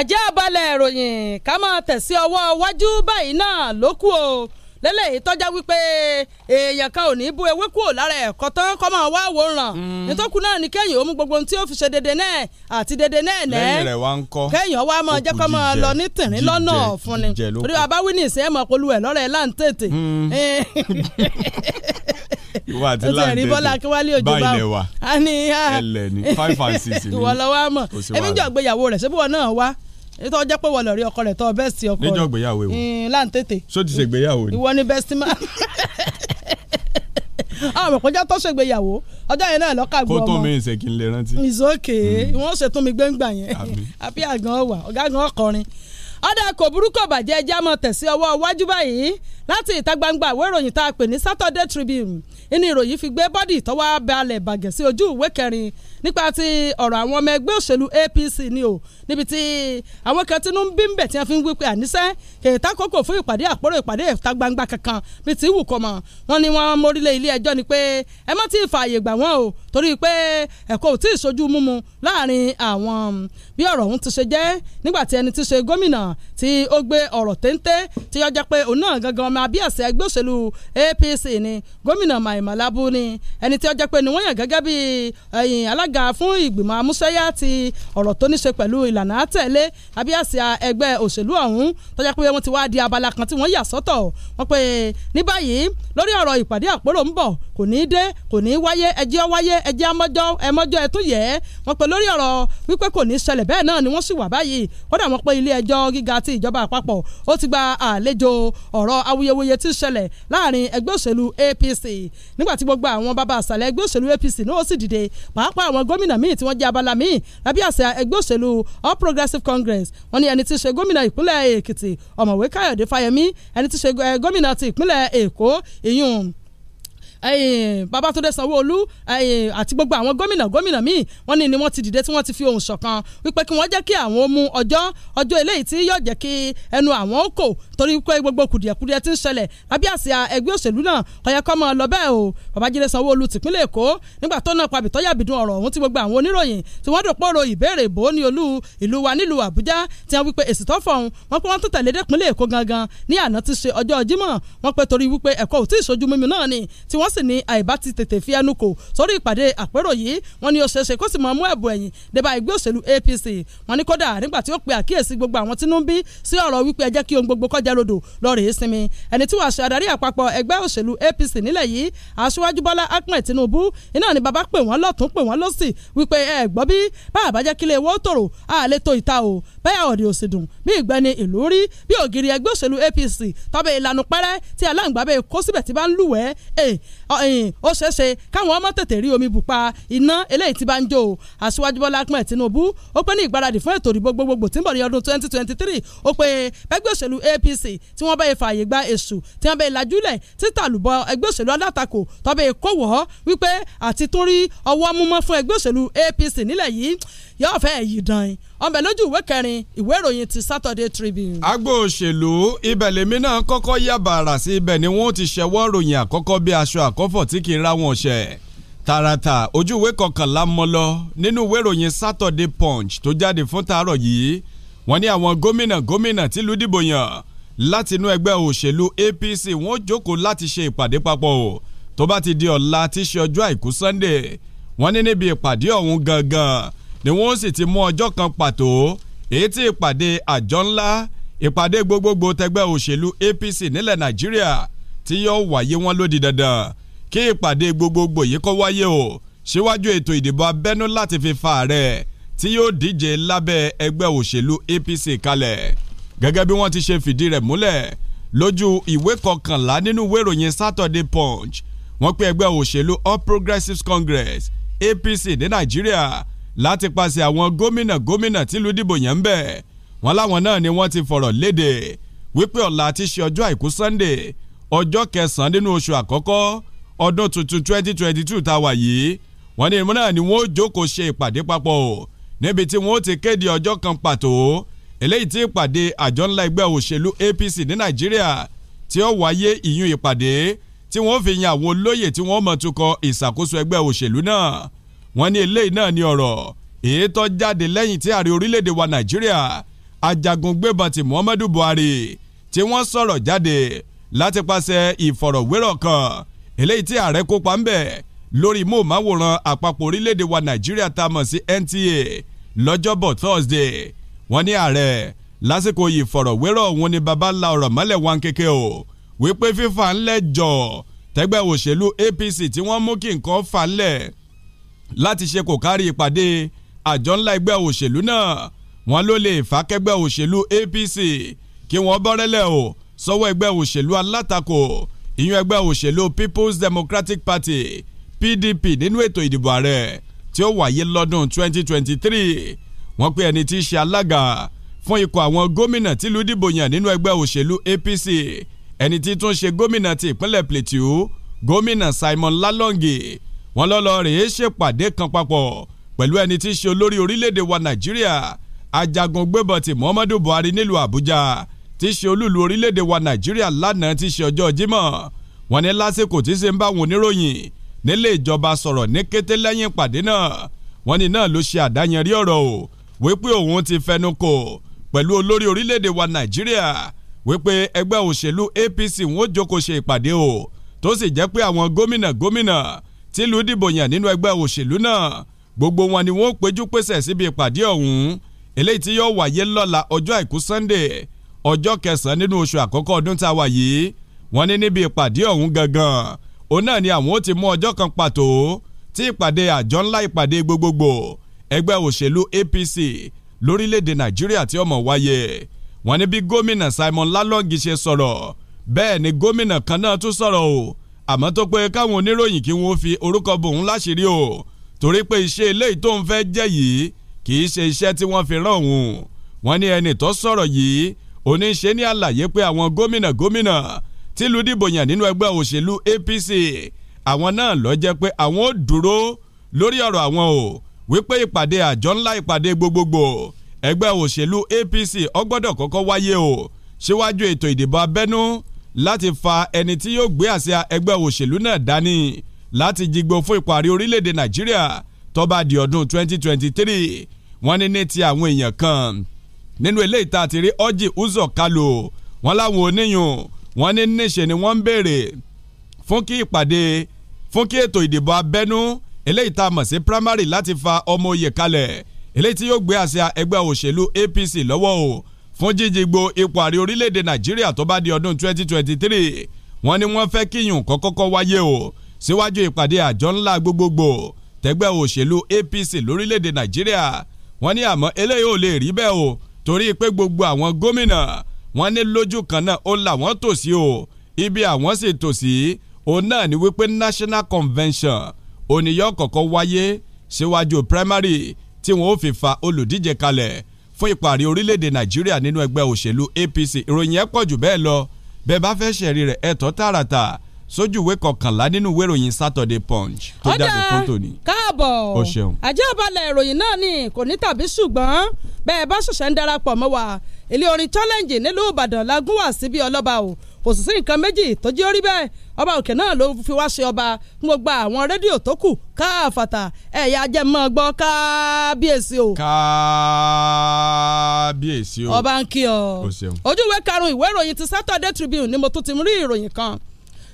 ajá balẹ̀ ìròyìn ká máa tẹ̀sí ọwọ́ wájú báyìí náà ló kù o lélẹ́yìí tọ́já wípé èèyàn kan ò ní bú ewé kúrò lára ẹ̀kọ́ tán kọ́ máa wá wò ràn hmm. nítòkù náà ni kéèyàn ó gbogbo tí ó fi ṣe dédé náà àti dédé náà nẹ́ lẹ́yìn rẹ̀ wá ń kọ́ kéèyàn wá máa jẹ́ kọ́ máa lọ ní tìrín lọ́nà ọ̀fun ni torí bàbá wí ní ìsẹ́ mọ̀ polú ẹ̀ lọ́rẹ̀ láǹtètè. Hmm. ìwà àti láǹtètè báyìí lẹ wa ah, five and six ni ìwọ lọ wá mọ̀ ẹbí ètò ọjọ́ pé wọ́n lọ rí ọkọ rẹ̀ tọ́ bẹ́ẹ̀sì ọkọ rẹ̀ níjọ́ gbéyàwó ewu láǹtètè so ti ṣègbéyàwó ni ìwọ ni bẹ́ẹ̀sì máa àwọn ìpọ́njọ́ tó ṣègbéyàwó ọjọ́ yẹn náà lọ́ka gbọ́ ọmọ kó tó mi ìṣèkí ń lè rántí. it's okay hmm. wọ́n ṣètò mi gbẹ́ngbà yẹn àbí àgàn ọ̀wà ọ̀gá àgàn ọkọrin ọ̀dà kò burúkú bàjẹ́ ẹja mọ̀ tẹ̀sí ọwọ́ iwájú báyìí láti ìta gbangba àwọn ìròyìn tá a pè ní Saturday Tribune inú ìròyìn fi gbé bọ́dì tọ́wọ́ balẹ̀ bàgẹ́ sí ojú ìwé kẹrin nípa ti ọ̀rọ̀ àwọn ọmọ ẹgbẹ́ òṣèlú APC ni o níbi tí àwọn kan tínú ń bí ń bẹ̀ tí wọ́n fi ń wípé àníṣe ètò àkókò fún ìpàdé àpérò ìpàdé ìta gbangba kankan bíi ti wù kọ́ mọ̀ wọ́n ní wọ́n mórílẹ̀ ilé ẹjọ́ ni pé ẹ má ti fààyè gbà wọ́n o torí pé ẹ̀kọ́ ò tí ì sojú múmu láàrin àwọn bí ọ̀rọ̀ ọ̀hún ti ṣe jẹ́ nígbà tí ẹni ti ṣe gómìnà tí ó gbé ọ̀rọ̀ téńté tí ó jẹ́ pé òun náà gangan ọmọ abíyàsẹ́ ẹgbẹ́ òṣèlú APC ni gómìnà Mai Mala Buni ẹni tí ó jẹ́ pé ni wọ́n yàn gẹ́gẹ́ bí alága fún ìgbìmọ̀ amúṣẹ́yá ti ọ̀rọ̀ tó ní ṣe pẹ̀lú ìlànà àtẹ̀lé abíyàsẹ́ ẹgbẹ́ òṣèlú ọ̀hún tó jẹ́ pé wọ́n ti wá di abala kan tí wọ́n yà sọ́tọ̀ wọ́n pé ní lórí ọ̀rọ̀ ìpàdé àpérò ń bọ̀ kò ní í dé kò ní í wáyé ẹjẹ́ wáyé ẹjẹ́ amọ́jọ́ ẹmọ́jọ́ ẹtún yẹ wọ́n pè lórí ọ̀rọ̀ wípé kò ní í ṣẹlẹ̀ bẹ́ẹ̀ náà ni wọ́n sì wà báyìí kódà wọ́n pé ilé ẹjọ́ gíga ti ìjọba àpapọ̀ ó ti gba àlejò ọ̀rọ̀ awuyewuye tí ṣẹlẹ̀ láàrin ẹgbẹ́ òṣèlú APC nígbà tí gbogbo àwọn bàbá àṣàlẹ̀ ẹgbẹ́ òṣèlú APC náà sì dìde pàápàá àwọn gómìnà míì tí wọ́n jẹ́ abala míì lábí àṣà ẹgbẹ́ Congress wọ́n ní ẹni tí í ṣe gómìnà ìpínlẹ̀ Èkìtì ọ̀mọ̀wé Káyọ̀dé Fáyẹmí ẹni tí í ṣe gómìnà ti Babátúndé Sanwó-Olú àti gbogbo àwọn gómìnà gómìnà míì wọ́n ní ni wọ́n ti dìde tí wọ́n ti fi ohùn ṣọ̀kan wípé kí wọ́n jẹ́ kí àwọn mú ọjọ́ ọjọ́ eléyìí tí yóò jẹ́ kí ẹnu àwọn kò torí pé gbogbo kùdìẹ̀kùdìẹ̀ ti ń ṣẹlẹ̀ lábẹ́ àsíá ẹgbẹ́ òṣèlú náà kọ̀yẹ́ kọ́ mọ́ ọ lọ bẹ́ẹ̀ o Babájídé Sanwó-Olú tìpínlẹ̀ Èkó nígbà tó náà pabì tọ́yà bìdún ọ̀rọ̀ ọ̀hún tí gbogbo àwọn oníròyìn tí wọ́n dòpòrò ìbéèrè ìbò ní olú ìlú wa nílùú Àbújá tí wọ́n wípé èsì tọ́fọ̀ ọ̀hún wọ́n pé wọ́n tún tẹ̀lé dẹ́pínlẹ̀ Èkó gangan ní àná ti ṣe ọjọ́ Jímọ̀ wọ́n pé torí wípé ẹ̀kọ́ ò wọ́n sì ní àìbá ti tètè fi ẹnu kò sórí ìpàdé àpérò yìí wọ́n ní ó ṣeéṣe kó sì mọ̀ mú ẹ̀bùn ẹ̀yìn débà ìgbé òṣèlú APC wọ́n ní kódà nígbà tí ó pe àkíyèsí gbogbo àwọn tínú ń bí sí ọ̀rọ̀ wípé ẹ kí ohun gbogbo kọjá lodò lọ́ọ̀rì ìsinmi ẹni tí wàá ṣe adarí àpapọ̀ ẹgbẹ́ òṣèlú APC nílẹ̀ yìí aṣíwájú Bọ́lá Ahmed Tinubu iná ni bàbá pè wọ́n lọ́tún pè wọ́n lọ́sì wípé ẹ gbọ́ bí bá àbájá ó ṣeéṣe káwọn ọmọ tètè rí omi bù pa iná eléyìí tí bá ń jó o aṣíwájú bọ́lá ahmed tinubu ó pé ní ìgbáradì fún ètò ìdìbò gbogbogbò tí ń bọ̀ ní ọdún 2023 ó pé ẹgbẹ́ òṣèlú apc tí wọ́n bá yẹ fààyè gba èṣù tí wọ́n bá yẹ lajúlẹ̀ títà lùbọ ẹgbẹ́ òṣèlú alátakò tọ́bẹ̀ kówọ́ wípé àti tún rí ọwọ́ múmọ́ fún ẹgbẹ́ òṣèlú apc nílẹ̀ yìí yóò fẹ́ yí dán in ọmọ ẹ lójú ìwé kẹrin ìwé ìròyìn ti Saturday Tribune. agbo òṣèlú ibẹ̀ lèmi náà kọ́kọ́ yà bàrà sí ibẹ̀ ni wọ́n ti ṣẹwọ́ ròyìn àkọ́kọ́ bí aṣọ àkọ́fọ̀ tí kì í ra wọn ṣẹ̀ tààràtà ojú ìwé kọkànlá mọ́ lọ nínú ìwé ìròyìn Saturday Punch tó jáde fún tàárọ̀ yìí wọ́n ní àwọn gómìnà gómìnà tìlú dìbò yàn láti ẹgbẹ́ òṣèlú APC wọ́n jókòó láti ṣe ìpàdé papọ̀ o tó bá ti di ọ̀la tí ṣe ọjọ́ àìkú Sunday wọ́n ní níbi ìpàdé ọ̀hún gangan ni wọ́n sì ti mú ọjọ́ kan pàtó èyí tí ìpàdé àjọ ńlá ìpàdé gbogbogbò tẹgbẹ́ òṣèlú APC nílẹ̀ Nàìjíríà Ti yóò wáyé wọn ló di dandan kí ìpàdé gbogbogbò yìí kó wáyé o síwájú ètò ìdìbò abẹ́nú láti fi fa ààrẹ tí yóò díje lábẹ́ ẹgbẹ́ òṣèlú APC kalẹ̀ gẹ́gẹ́ bí wọ́n ti ṣe fìdí rẹ̀ múlẹ̀ lójú ìwé kọkànlá nínú ìwé ìròyìn Saturday Punch wọ́n pé ẹgbẹ́ òṣèlú All Progressives Congress APC ní Nàìjíríà láti paṣẹ àwọn gómìnà gómìnà tìlú dìbò yẹn ń bẹ̀ wọ́n láwọn náà ni wọ́n ti fọ̀rọ̀ léde wípé ọ̀la ti ṣe ọjọ́ àìkú Sunday ọjọ́ kẹsàn-án nínú oṣù àkọ́kọ́ ọdún tuntun 2022 tá a wà yìí wọ́n ní ìmúná ni wọ́n ó jókòó ṣe ìpàdé papọ̀ níbi tí wọ́n ó ti kéde ọjọ́ kan pàtó eléyìí tí ìpàdé àjọ ńlá ẹgbẹ́ òṣèlú APC ní Nàìjíríà tí ó wáyé ìyún ìpàdé tí wọ́n fi yan àwọn olóyè tí wọ́n mọ̀ tukọ̀ ìṣàkóso ẹgbẹ́ òṣèlú náà wọ́n ní eléyìí náà ni ọ̀rọ̀ èyí tó jáde lẹ́yìn tí ààrẹ orílẹ̀-èdè wa nàìjíríà ajagun gbébọn ti muhammadu buhari tí wọ́n sọ̀rọ̀ jáde láti pàṣẹ ìfọ̀rọ̀wérọ̀ kan eléyìí tí ààrẹ kópa ń bẹ̀ lórí móhùnmáwòrán àpapọ̀ orílẹ̀-èdè wa nàìjíríà tá mọ̀ sí NTA lọ́jọ́bọ̀ thursday wọ́n ní ààrẹ lásìkò ìfọ̀rọ̀wérọ̀ òun ni baba ńlá ọ̀rọ̀ mọ́lẹ̀ wọn kéke o wípé fífa ńlẹ̀ jọ tẹ́gbẹ́ òṣèlú APC tí wọ́n mú kí nǹkan fà ńlẹ̀ láti ṣe kò kárí ìpàdé àjọ ńlá ẹgbẹ́ òṣèlú náà wọ́n ló lè fà òṣèlú APC kí wọ́n bọ́rẹ́lẹ̀ o sọ́wọ́ ẹgbẹ́ òṣèlú alátakò ìyún ẹgbẹ́ òṣèlú People's Democratic Party PDP nínú ètò ìdìbò ààrẹ tí ó wáyé lọ́dún 2023 wọ́n pe ẹni tí í ṣe alága fún ikọ̀ àwọn gómìnà tìlú dìbò yàn nínú ẹgbẹ́ òṣèlú APC ẹni tí tún ṣe gómìnà ti ìpínlẹ̀ Plateau gómìnà Simon Lalonge wọ́n lọ́lọ́ rèé ṣèpàdé kan papọ̀ pẹ̀lú ẹni tí í ṣe olórí orílẹ̀-èdè wa nàìjíríà ajagun gbébọn ti muhammadu buhari nílùú àbújá tí í ṣe olúlu orílẹ̀-èdè wa nàìjíríà lánàá tí í ṣe ọjọ́ jímọ̀ wọ́n ní lásìkò tí í ṣe ń bá àwọn oníròyìn nílé ìjọba sọ̀rọ̀ ní kété lẹ́yìn ìpàdé náà wọ́n ní náà ló ṣe àdáyanrí ọ̀rọ̀ o wípé òun ti fẹnu kò pẹ̀lú olórí orílẹ̀-èdè wa nàìjíríà wípé ẹgbẹ́ òṣèlú apc wọn ó jókòó ṣe ìpàdé o tó sì jẹ́ pé àwọn gómìnà gómìnà tílu dìbò yàn nínú ẹgbẹ́ òṣèlú náà gbogbo wọn ni wọ́n péjú pésẹ̀ síbi ìpàdé ọ̀hún eléyìí tí yóò wáyé lọ́la ọjọ́ àìkú Sunday ọjọ́ kẹsàn-án nínú oṣù àkọ́kọ́ ọdún tá a wà yìí wọ́n ní níbi ìpàdé ọ̀hún gangan òun náà ni àwọn ó ti mú ọjọ́ kan pàtó tí ìpàdé àjọ ńlá ìpàdé gbogbogbò ẹgbẹ́ òṣèlú APC lórílẹ̀‐èdè Nàìjíríà tí ó máa wáyé wọ́n ní bí gómìnà Simon Lalong ṣe sọ̀rọ̀ bẹ́ẹ̀ ni gómìnà kan náà tún sọ̀rọ̀ o àmọ́ tó pé káwọn oníròyìn kí wọ́n fi orúkọ bòun láṣìírí o torí pé iṣẹ́ eléyìí tó ń fẹ́ jẹ́ yìí kì í ṣe iṣẹ́ tí wọ́n fi rán òun wọ́n ní ẹni tó sọ̀rọ̀ yìí oníṣe ní àlàyé pé àwọn gómìnà gómìnà tìlú dìbò yàn nínú ẹgbẹ́ òṣèlú APC àwọn náà ló jẹ́ pé àwọn ò dúró lórí ọ̀rọ̀ àwọn o wípé ìpàdé àjọ ńlá ìpàdé gbogbogbò ẹgbẹ́ òṣèlú APC ó gbọ́dọ̀ kọ́kọ́ wáyé o síwájú ètò ìdìbò abẹ́nú láti fa ẹni tí yóò gbé àsíá ẹgbẹ́ òṣèlú náà dání láti jígbó fún ipò orílẹ̀-èdè nàìjíríà tó di ọdún 2023 wọ́n ní ní ti àwọn èèyàn kan nínú ilé ìta àti rí ọ́jì uzọ kalo wọ́n láwọn oníyùn wọ́n ní níṣe ni wọ́n ń béèrè fún kí ìpàdé fún kí ètò ìdìbò abẹ́nú eléyìí tá mọ̀ sí primary láti fa ọmọ oyè kalẹ̀ eléyìí tí yóò gbé àsíá ẹgbẹ́ òṣèlú APC lọ́wọ́ o fún jíjìgbò ipò àrí orílẹ̀-èdè nàìjíríà tó bá di ọdún 2023 wọ́n ní wọ́n fẹ́ kíyùn kọ́kọ́kọ́ wáyé o síwájú ìpàdé àjọ ńlá gbogbogbò tẹ́gbẹ́ òṣèlú APC lórílẹ̀-èdè nàìjíríà wọ́n ní àmọ́ eléyìí ò lè rí bẹ́ẹ̀ o torí pé gbogbo àwọn gómìnà wọ́n ní lójú kan náà ó là wọ́n tòsí o ibi àwọn sì tòsí òun náà ni wípé national convention òníyàn kọ̀ọ̀kan wáyé síwájú primary tí wọ́n ó fi fa olùdíje kalẹ̀ fún ìparí orílẹ̀-èdè nàìjíríà nínú ẹgbẹ́ òṣèlú APC ìròyìn ẹ̀ pọ̀ jù bẹ́ẹ̀ lọ bẹ́ẹ̀ bá fẹ́ ṣẹ̀rí rẹ̀ ẹ̀tọ́ tààràtà sójú ìwé kọkànlá nínú ìwé ìròyìn Saturday Punch tó jáde fún tòní. káàbọ̀ o ṣeun. àjẹbalẹ̀ ìròyìn náà ni kò ní tàbí ṣùgbọ́n bẹ́ẹ̀ bá ṣẹ̀ṣẹ̀ ń darapọ̀ mọ́ wa ilé orin challenge nílùú Ìbàdàn lagún wá síbi ọlọ́ba o kò sì sí nǹkan méjì tó jẹ́ orí bẹ́ẹ̀ ọba òkè náà ló fi wá ṣe ọba gbogbo àwọn rédíò tó kù káfàtà ẹ̀yà ajẹmọ́ gbọ́ kábíyèsí o. kábíyèsí o. ọba ń kí ọ. ojú ìwé karùn-ún ìwé ìròyìn ti Saturday Tribune ni mo tún ti rí ìròyìn kan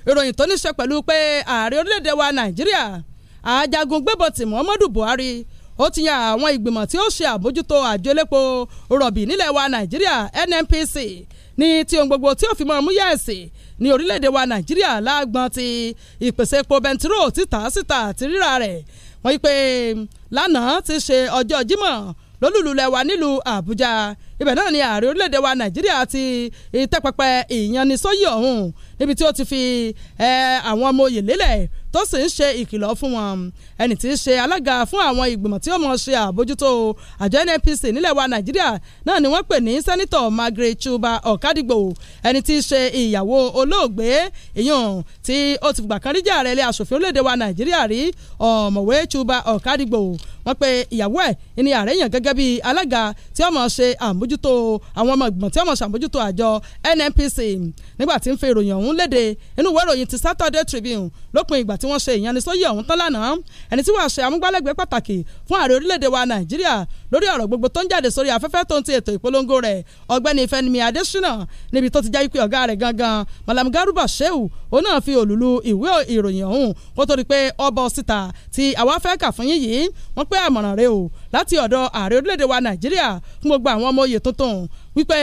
ìròyìn tó ní ṣe pẹ̀lú pé ààrẹ orílẹ̀-èdè wa Nàìjíríà ajagun gbébọn ti Muhammadu Buhari ó ti yan àwọn ìgbìmọ̀ tí ó ṣe àbójútó àjọ elépo rọ̀bì nílẹ̀ wa Nàìjíríà NNPC ní tí ohun gbogbo tí ó mọ́ ọmú yẹ̀sì ní orílẹ̀-èdè wa nàìjíríà láàgbọ́n ti ìpèsè epo bẹntiró títà síta àti rírà rẹ̀ wọ́n yí pé hmm, lánàá ti ṣe ọjọ́ jímọ̀ lólùlùlẹ̀ wa nílùú àbújá ibẹ̀ náà ni ààrẹ orílẹ̀-èdè wa nàìjíríà ti ìtẹ́pẹpẹ ìyannisóyè ọ̀hún níbi tí ó ti fi àwọn ọmọ òye lélẹ̀ tó sì ń ṣe ìkìlọ̀ fún wọn ẹni tí í ṣe alága fún àwọn ìgbìmọ̀ tí ó mọ̀ ṣe àbójútó àjọ NNPC nílẹ̀ wa Nàìjíríà náà ni wọ́n pè ní sẹ́nitọ̀ Margaret Chuba Ọ̀kadìgbò ẹni tí í ṣe ìyàwó olóògbé ìyún tí ó ti gbà kan rí jẹ́ ààrẹ ilé asòfin orílẹ̀-èdè wa Nàìjíríà rí ọ̀mọ̀wé Chuba Ọ̀kadìgbò wọ́n pe ìyàwó ẹ̀ ni ààrẹ yàn gẹ́gẹ́ bíi alága tí ó máa ṣe àmójútó àwọn ọmọ ìgbọ̀n tí ó máa ṣàmójútó àjọ NNPC nígbà tí ń fi ìròyìn ọ̀hún léde inú ìwé ìròyìn ti Saturday Tribune lópin ìgbà tí wọ́n ṣe ìyanisóyè ọ̀hún tán lánàá ẹni tí wàá ṣe amúgbálẹ́gbẹ̀ẹ́ pàtàkì fún ààrẹ orílẹ̀-èdè wa Nàìjíríà lórí ọ̀rọ̀ gbogbo tó ń jáde sórí afẹ́fẹ́ tó ń ti ètò ìpolongo rẹ̀ ọ̀gbẹ́ni Fẹ́mi Adésínà níbi tó ti jáwé pé ọ̀gá rẹ̀ gangan Malam Garuba Shehu òun náà fi òlùlù ìwé ìròyìn ọ̀hún kó tó di pé ọbọ̀ síta tí àwa fẹ́ kà fún yín yìí wọ́n pé àmọ̀ràn rẹ o láti ọ̀dọ̀ ààrẹ orílẹ̀-èdè wa nàìjíríà fún gbogbo àwọn ọmọ oyè tuntun wípé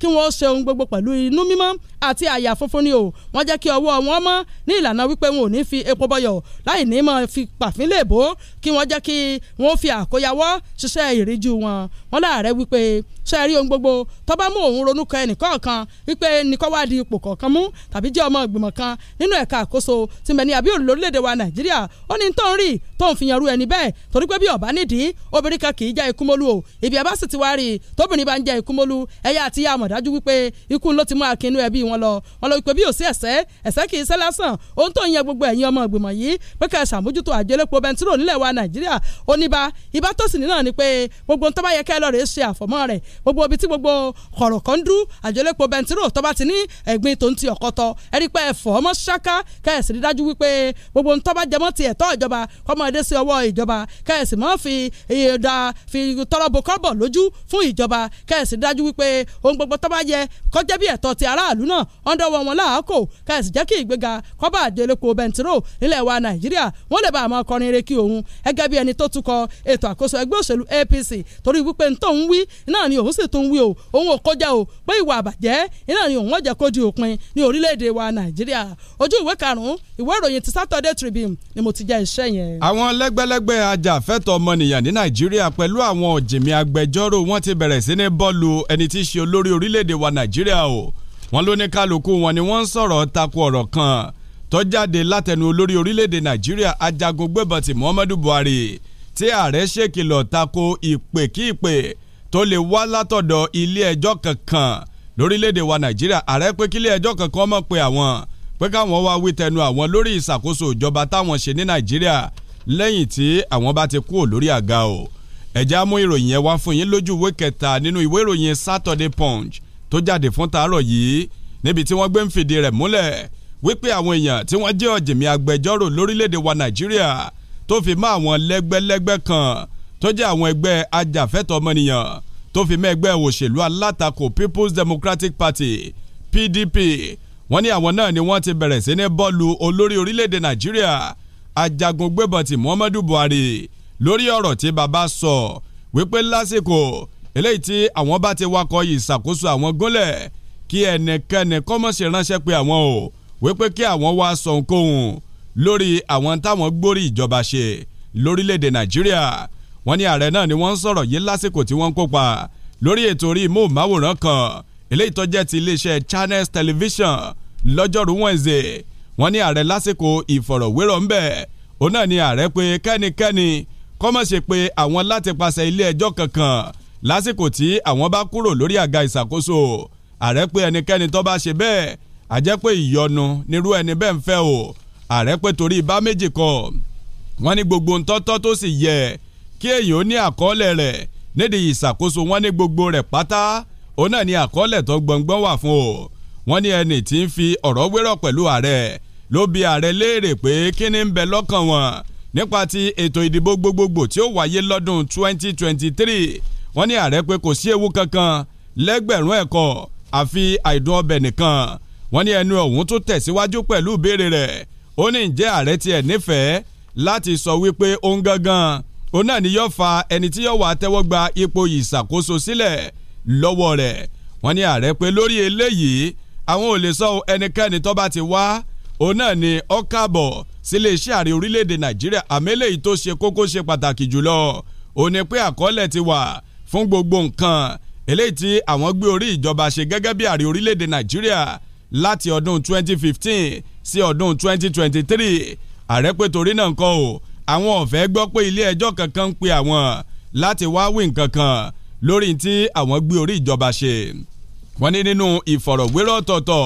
kí wọ́n ṣe ohun gbogbo pẹ̀lú inú mímọ́ àti àyà funfun ni o wọ́n jẹ́ kí ọwọ́ wọn mọ́ ní ìlànà wípé wọn ò ní fi epo bọyọ̀ láì ní mọ́ fi pàfin lè bó kí wọ́n jẹ́ kí wọ́n fi àkóyawọ́ ṣiṣẹ́ ìríjú wọn wọ́n láàrẹ wípé ṣe rí ohun gbogbo tó bá mú òun ronú kan ẹnìkọ̀ọ̀kan wípé nìkan wá di ipò kọ̀ọ̀kan mú tàbí jẹ́ ọmọ ìgbìmọ̀ kan nínú ẹ̀ka àkóso ti mẹ́ni àbíòrì lórílẹ̀‐èdè wa nàìjíríà ó ní tó ń rí tó ń fi yanrú ẹni bẹ́ẹ̀ torí pé bí ọ̀bá nídìí obìnrin kan kì í jẹ́ ikú mólú o ibi ẹ̀bá sì ti wá rí tóbìnrin bá ń jẹ́ ikú mólú ẹ̀yà àti ìyá àmọ̀ wípé ikú ló ti mú akínú ẹbí wọn lọ wọn lọ wípé bí ò sí ẹ̀sẹ̀ ẹ̀sẹ̀ kì ṣe lásán ohun tó ń yẹ gbogbo ẹ̀yin ọmọ ìgbìmọ̀ yìí pé ká ṣàmójútó àjọ bẹntiró nílẹ̀ wa nàìjíríà oníbà ìbátòsí náà ni pé gbogbo ohun tó bá yẹ kẹ́ lọ́ọ́ ṣe àfọ̀mọ́ rẹ̀ gbogbo ibi tí gbogbo kọ̀rọ̀ kan dúró àjọlẹ́pọ̀ bẹntiró tó bá ti ní ẹ̀gbin tó ń ti ọ̀kọ́tọ̀ ẹ̀rí pé ẹ̀fọ́ ọmọ ṣáká kẹ́ẹ̀sì rí dájú wípé gbogbo ń tọ́ba jẹmọ́ ti ẹ̀tọ́ ìjọba kọ́mọdé sí ọwọ́ ìjọba kẹ́ẹ̀sì mọ́ fi ìdá fi tọ́lọ́bù kọ́bọ̀ lójú fún ìjọba kẹ́ẹ̀sì dájú wípé ohun gbogbo tọ́ba yẹ kọjá bí ẹ̀tọ́ ti aráàlú náà ọ̀ndọ́wọ́ wọn láàkó kẹ́ẹ̀sì jẹ́ kí ìgbéga kọ́bà àjọlẹ́pọ̀ bẹntiró nílẹ̀ wa nàìjíríà wọ́n lè bá àmọ́ kọrin eré kí òun ẹgẹ́ bí ẹni tó tukọ̀ ètò àkóso APC torí wípé ntòun wí Tinubu sì tún wí o òun ò kọjá o pé ìwà àbàjẹ́ iná ni òun ọ̀jẹ̀ kó di òpin ní orílẹ̀-èdè wa Nàìjíríà ojú ìwé karùn-ún ìwé ìròyìn ti Saturday Tribune ni mo ti jẹ́ iṣẹ́ yẹn. àwọn lẹ́gbẹ́lẹ́gbẹ́ ajàfẹ́tọ̀ ọmọnìyàn ní Nàìjíríà pẹ̀lú àwọn ọ̀jìnmí agbẹjọ́rò wọn ti bẹ̀rẹ̀ sí ní bọ́ọ̀lù ẹni tí í ṣe olórí orílẹ̀-èdè wa Nàìjíríà o wọn ló ní kálukú wọn ni wọ́n ń sọ̀rọ̀ takò ọ̀rọ̀ kan tó jáde látẹnu olórí orílẹ̀-èdè Nàìjíríà ajagun gbébọn ti Muhammadu Buhari tí ààrẹ ṣèkìlọ̀ tako ìpè kí ìpè tó lè wá látọ̀dọ̀ ilé ẹjọ́ kankan lórílẹ̀‐èdè wa nàìjíríà ààrẹ pé kílé ẹjọ́ kankan mọ̀ pé àwọn pé káwọn wá wí tẹnu àwọn lórí ìṣàkóso ìjọba táwọn ṣe ní nàìjíríà lẹ́yìn tí àwọn bá ti kúrò lórí àga o ẹ̀já mú ìròyìn yẹn wá fún yín lójú ìwé kẹta nínú ìwé ìròyìn Saturday Punch tó jáde fún tàárọ̀ yìí níbi tí wọ́n gbé ń fìdí rẹ̀ múlẹ̀ wípé àwọn èèyàn tí wọ́n jẹ́ ọ̀jìnmí agbẹjọ́rò lórílẹ̀‐èdè wa nàìjíríà tó fi mọ́ àwọn lẹ́gbẹ́lẹ́gbẹ́ kan tó jẹ́ àwọn ẹgbẹ́ ajàfẹ́tọ̀ ọmọnìyàn tó fi mẹ́ ẹgbẹ́ òṣèlú alátakò People's Democratic Party PDP wọ́n ní àwọn náà ni wọ́n ti bẹ̀rẹ̀ sí ní bọ́ọ̀lù olórí orílẹ̀-èdè Nàìjíríà ajagun gbébọn ti Muhammadu Buhari lórí ọ̀rọ̀ tí bàbá sọ wípé lásìkò eléyìí tí àwọn bá ti wakọ̀ yìí ṣàkóso àwọn gúnlẹ̀ kí ẹnìkanì kọ́mọ̀sì ránṣẹ́ pé àwọn o wípé kí àwọn wá sọ ohunkóhun lórí àwọn táwọn gbórí ìjọba ṣe lórílẹ̀‐èdè Nàìjíríà wọ́n ní ààrẹ náà ni wọ́n ń sọ̀rọ̀ yìí lásìkò tí wọ́n ń kópa lórí ètò orí móhùnmáwòrán kan eléyìí tó jẹ́ ti iléeṣẹ́ Channels Television lọ́jọ́rú Wednesday wọ́n ní ààrẹ lásìkò ìfọ̀rọ̀wérọ̀ ńbẹ̀ òun náà ni ààrẹ pé kẹ́nikẹ́ni kó má ṣe pé àwọn láti pàṣẹ ilé ẹjọ́ kankan lásìkò tí àwọn bá kúrò lórí àga ìṣàkóso ààrẹ pé ẹnikẹ́ni tó bá ṣe bẹ́ẹ̀ àjẹ́ pé ìyọnu nírú ẹni bẹ́ẹ̀ ń fẹ́ o ààrẹ pé torí bá méjì kọ wọ́n ní gbogbo ntọ́tọ́ tó sì yẹ kí èyàn ó ní àkọọ́lẹ̀ rẹ̀ nídìí ìṣàkóso wọn ní gbogbo rẹ̀ pátá òun náà ni àkọọ́lẹ̀ tó gbọ̀ngbọ́n wà fún o wọ́n ní ẹni tí ń fi ọ̀rọ̀ wérọ̀ pẹ̀lú ààrẹ ló bi ààrẹ léèrè pé kí ni ń bẹ lọ́kàn wọn nípa ti ètò ìdìbò gbogbogbò tí ó wáyé lọ́dún 2023 wọ́n ní ààrẹ pé kò sí ewu kankan lẹ́gbẹ̀rún ẹ̀kọ́ àfi àìdùn ọbẹ̀ nìkan wọ́n ní ẹnu ọ̀hún tó tẹ̀síwájú pẹ̀lú ìbéèrè rẹ̀ ó ní ǹjẹ́ ààrẹ tiẹ̀ nífẹ̀ẹ́ láti sọ wípé òun gangan òun náà ni yóò fa ẹni tí yóò wà tẹ́wọ́ gba ipò ìṣàkóso sílẹ̀ lọ́wọ́ rẹ̀ wọ́n ní ààrẹ pé lórí eléyìí àwọn ò lè sọ ẹnikẹ́ni tó bá ti wá òun náà ni ó káàbọ̀ sílé iṣẹ́ ààrẹ orílẹ̀-èdè nàìjíríà àmẹ́lẹ́yìí tó ṣe kókó ṣe pàtàkì jùlọ òun ni pé àkọọ́lẹ̀ ti wà fún gbogbo nǹkan eléyìí tí àwọn gbé orí ìjọba ṣe gẹ́gẹ́ bí ààrẹ orílẹ̀-èdè nàìjíríà láti ọdún 2015 sí ọdún 2023 ààrẹ pé torí náà nǹkan o àwọn ọ̀fẹ́ gbọ́ pé ilé ẹjọ́ kankan ń pe àwọn láti wá wí nǹkan kan lórí tí àwọn gbé orí ìjọba ṣe wọ́n ní nínú ìfọ̀rọ̀wérọ̀ ọ̀tọ̀ọ̀tọ̀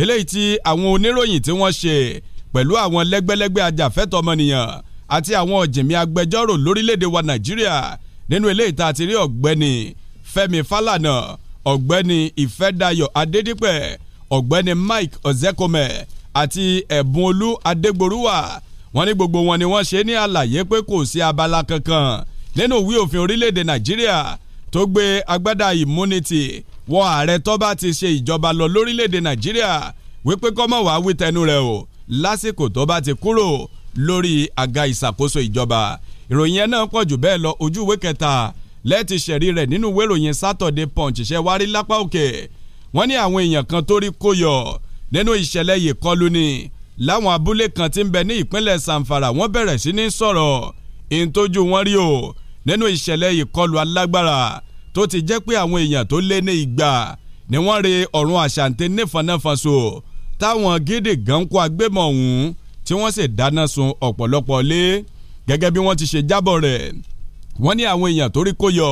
eléyìí tí àwọn oníròyìn tí wọ́n ṣe pẹ̀lú àwọn lẹ́gbẹ́lẹ́gbẹ́ ajàfẹ́tọ̀ ọmọnìyàn àti àwọn ọ̀jìnmí agbẹjọ́rò lórílẹ̀‐èdè wa Nàìjíríà nínú eléyìí tá a ti rí ọ̀gbẹ́ni Fẹ́mi Fálànà ọ̀gbẹ́ni Ìfẹ́dayọ̀ Adédípẹ̀ ọ̀gbẹ́ni Mike Ọ̀zẹ́kọmẹ̀ àti Ẹ̀bùnolú Adégbòrúwà wọ́n ní gbogbo wọn ni wọ́n ṣe ní àlàyé pé kò sí abala kankan nínú ìwé òfin orílẹ̀-èdè nàìjíríà tó gbé agbádá immunity wọ ààrẹ tó bá ti ṣe ìjọba lọ lórílẹ̀-èdè nàìjíríà wípé kọ́mọ̀ wá wí tẹnu rẹ̀ o lásìkò tó bá ti kúrò lórí àga ìṣàkóso ìjọba ìròyìn ẹ̀ náà pọ̀ jù bẹ́ẹ̀ lọ ojú ìwé kẹta lẹ́ẹ̀tì ṣẹ̀rí rẹ̀ nínú ìwé ìròyìn Saturday Punch ṣe wárí lápá òkè wọ́n ní àwọn èèyàn kan tó rí kó yọ nínú ìṣẹ̀lẹ̀ yìí kọlù ni láwọn abúlé kan tí ń bẹ ní ìpínlẹ̀ Zamfara wọ́n bẹ̀rẹ̀ sí ní sọ̀rọ̀ ìntójú wọn rí o nínú ìṣẹ̀lẹ̀ ìkọlù alágbára tó ti jẹ́ pé àwọn èèyàn tó lé ní igba ni wọ́n re ọ̀run àṣàǹtẹ̀ nífọ̀nàfọ̀nso táwọn gidi gan kó agbébọn ọ̀hún tí wọ́n sì dáná sun ọ̀pọ̀lọpọ̀ lé gẹ́gẹ́ bí wọ́n ti ṣe jábọ̀ rẹ̀ wọ́n ní àwọn èèyàn tó rí kó yọ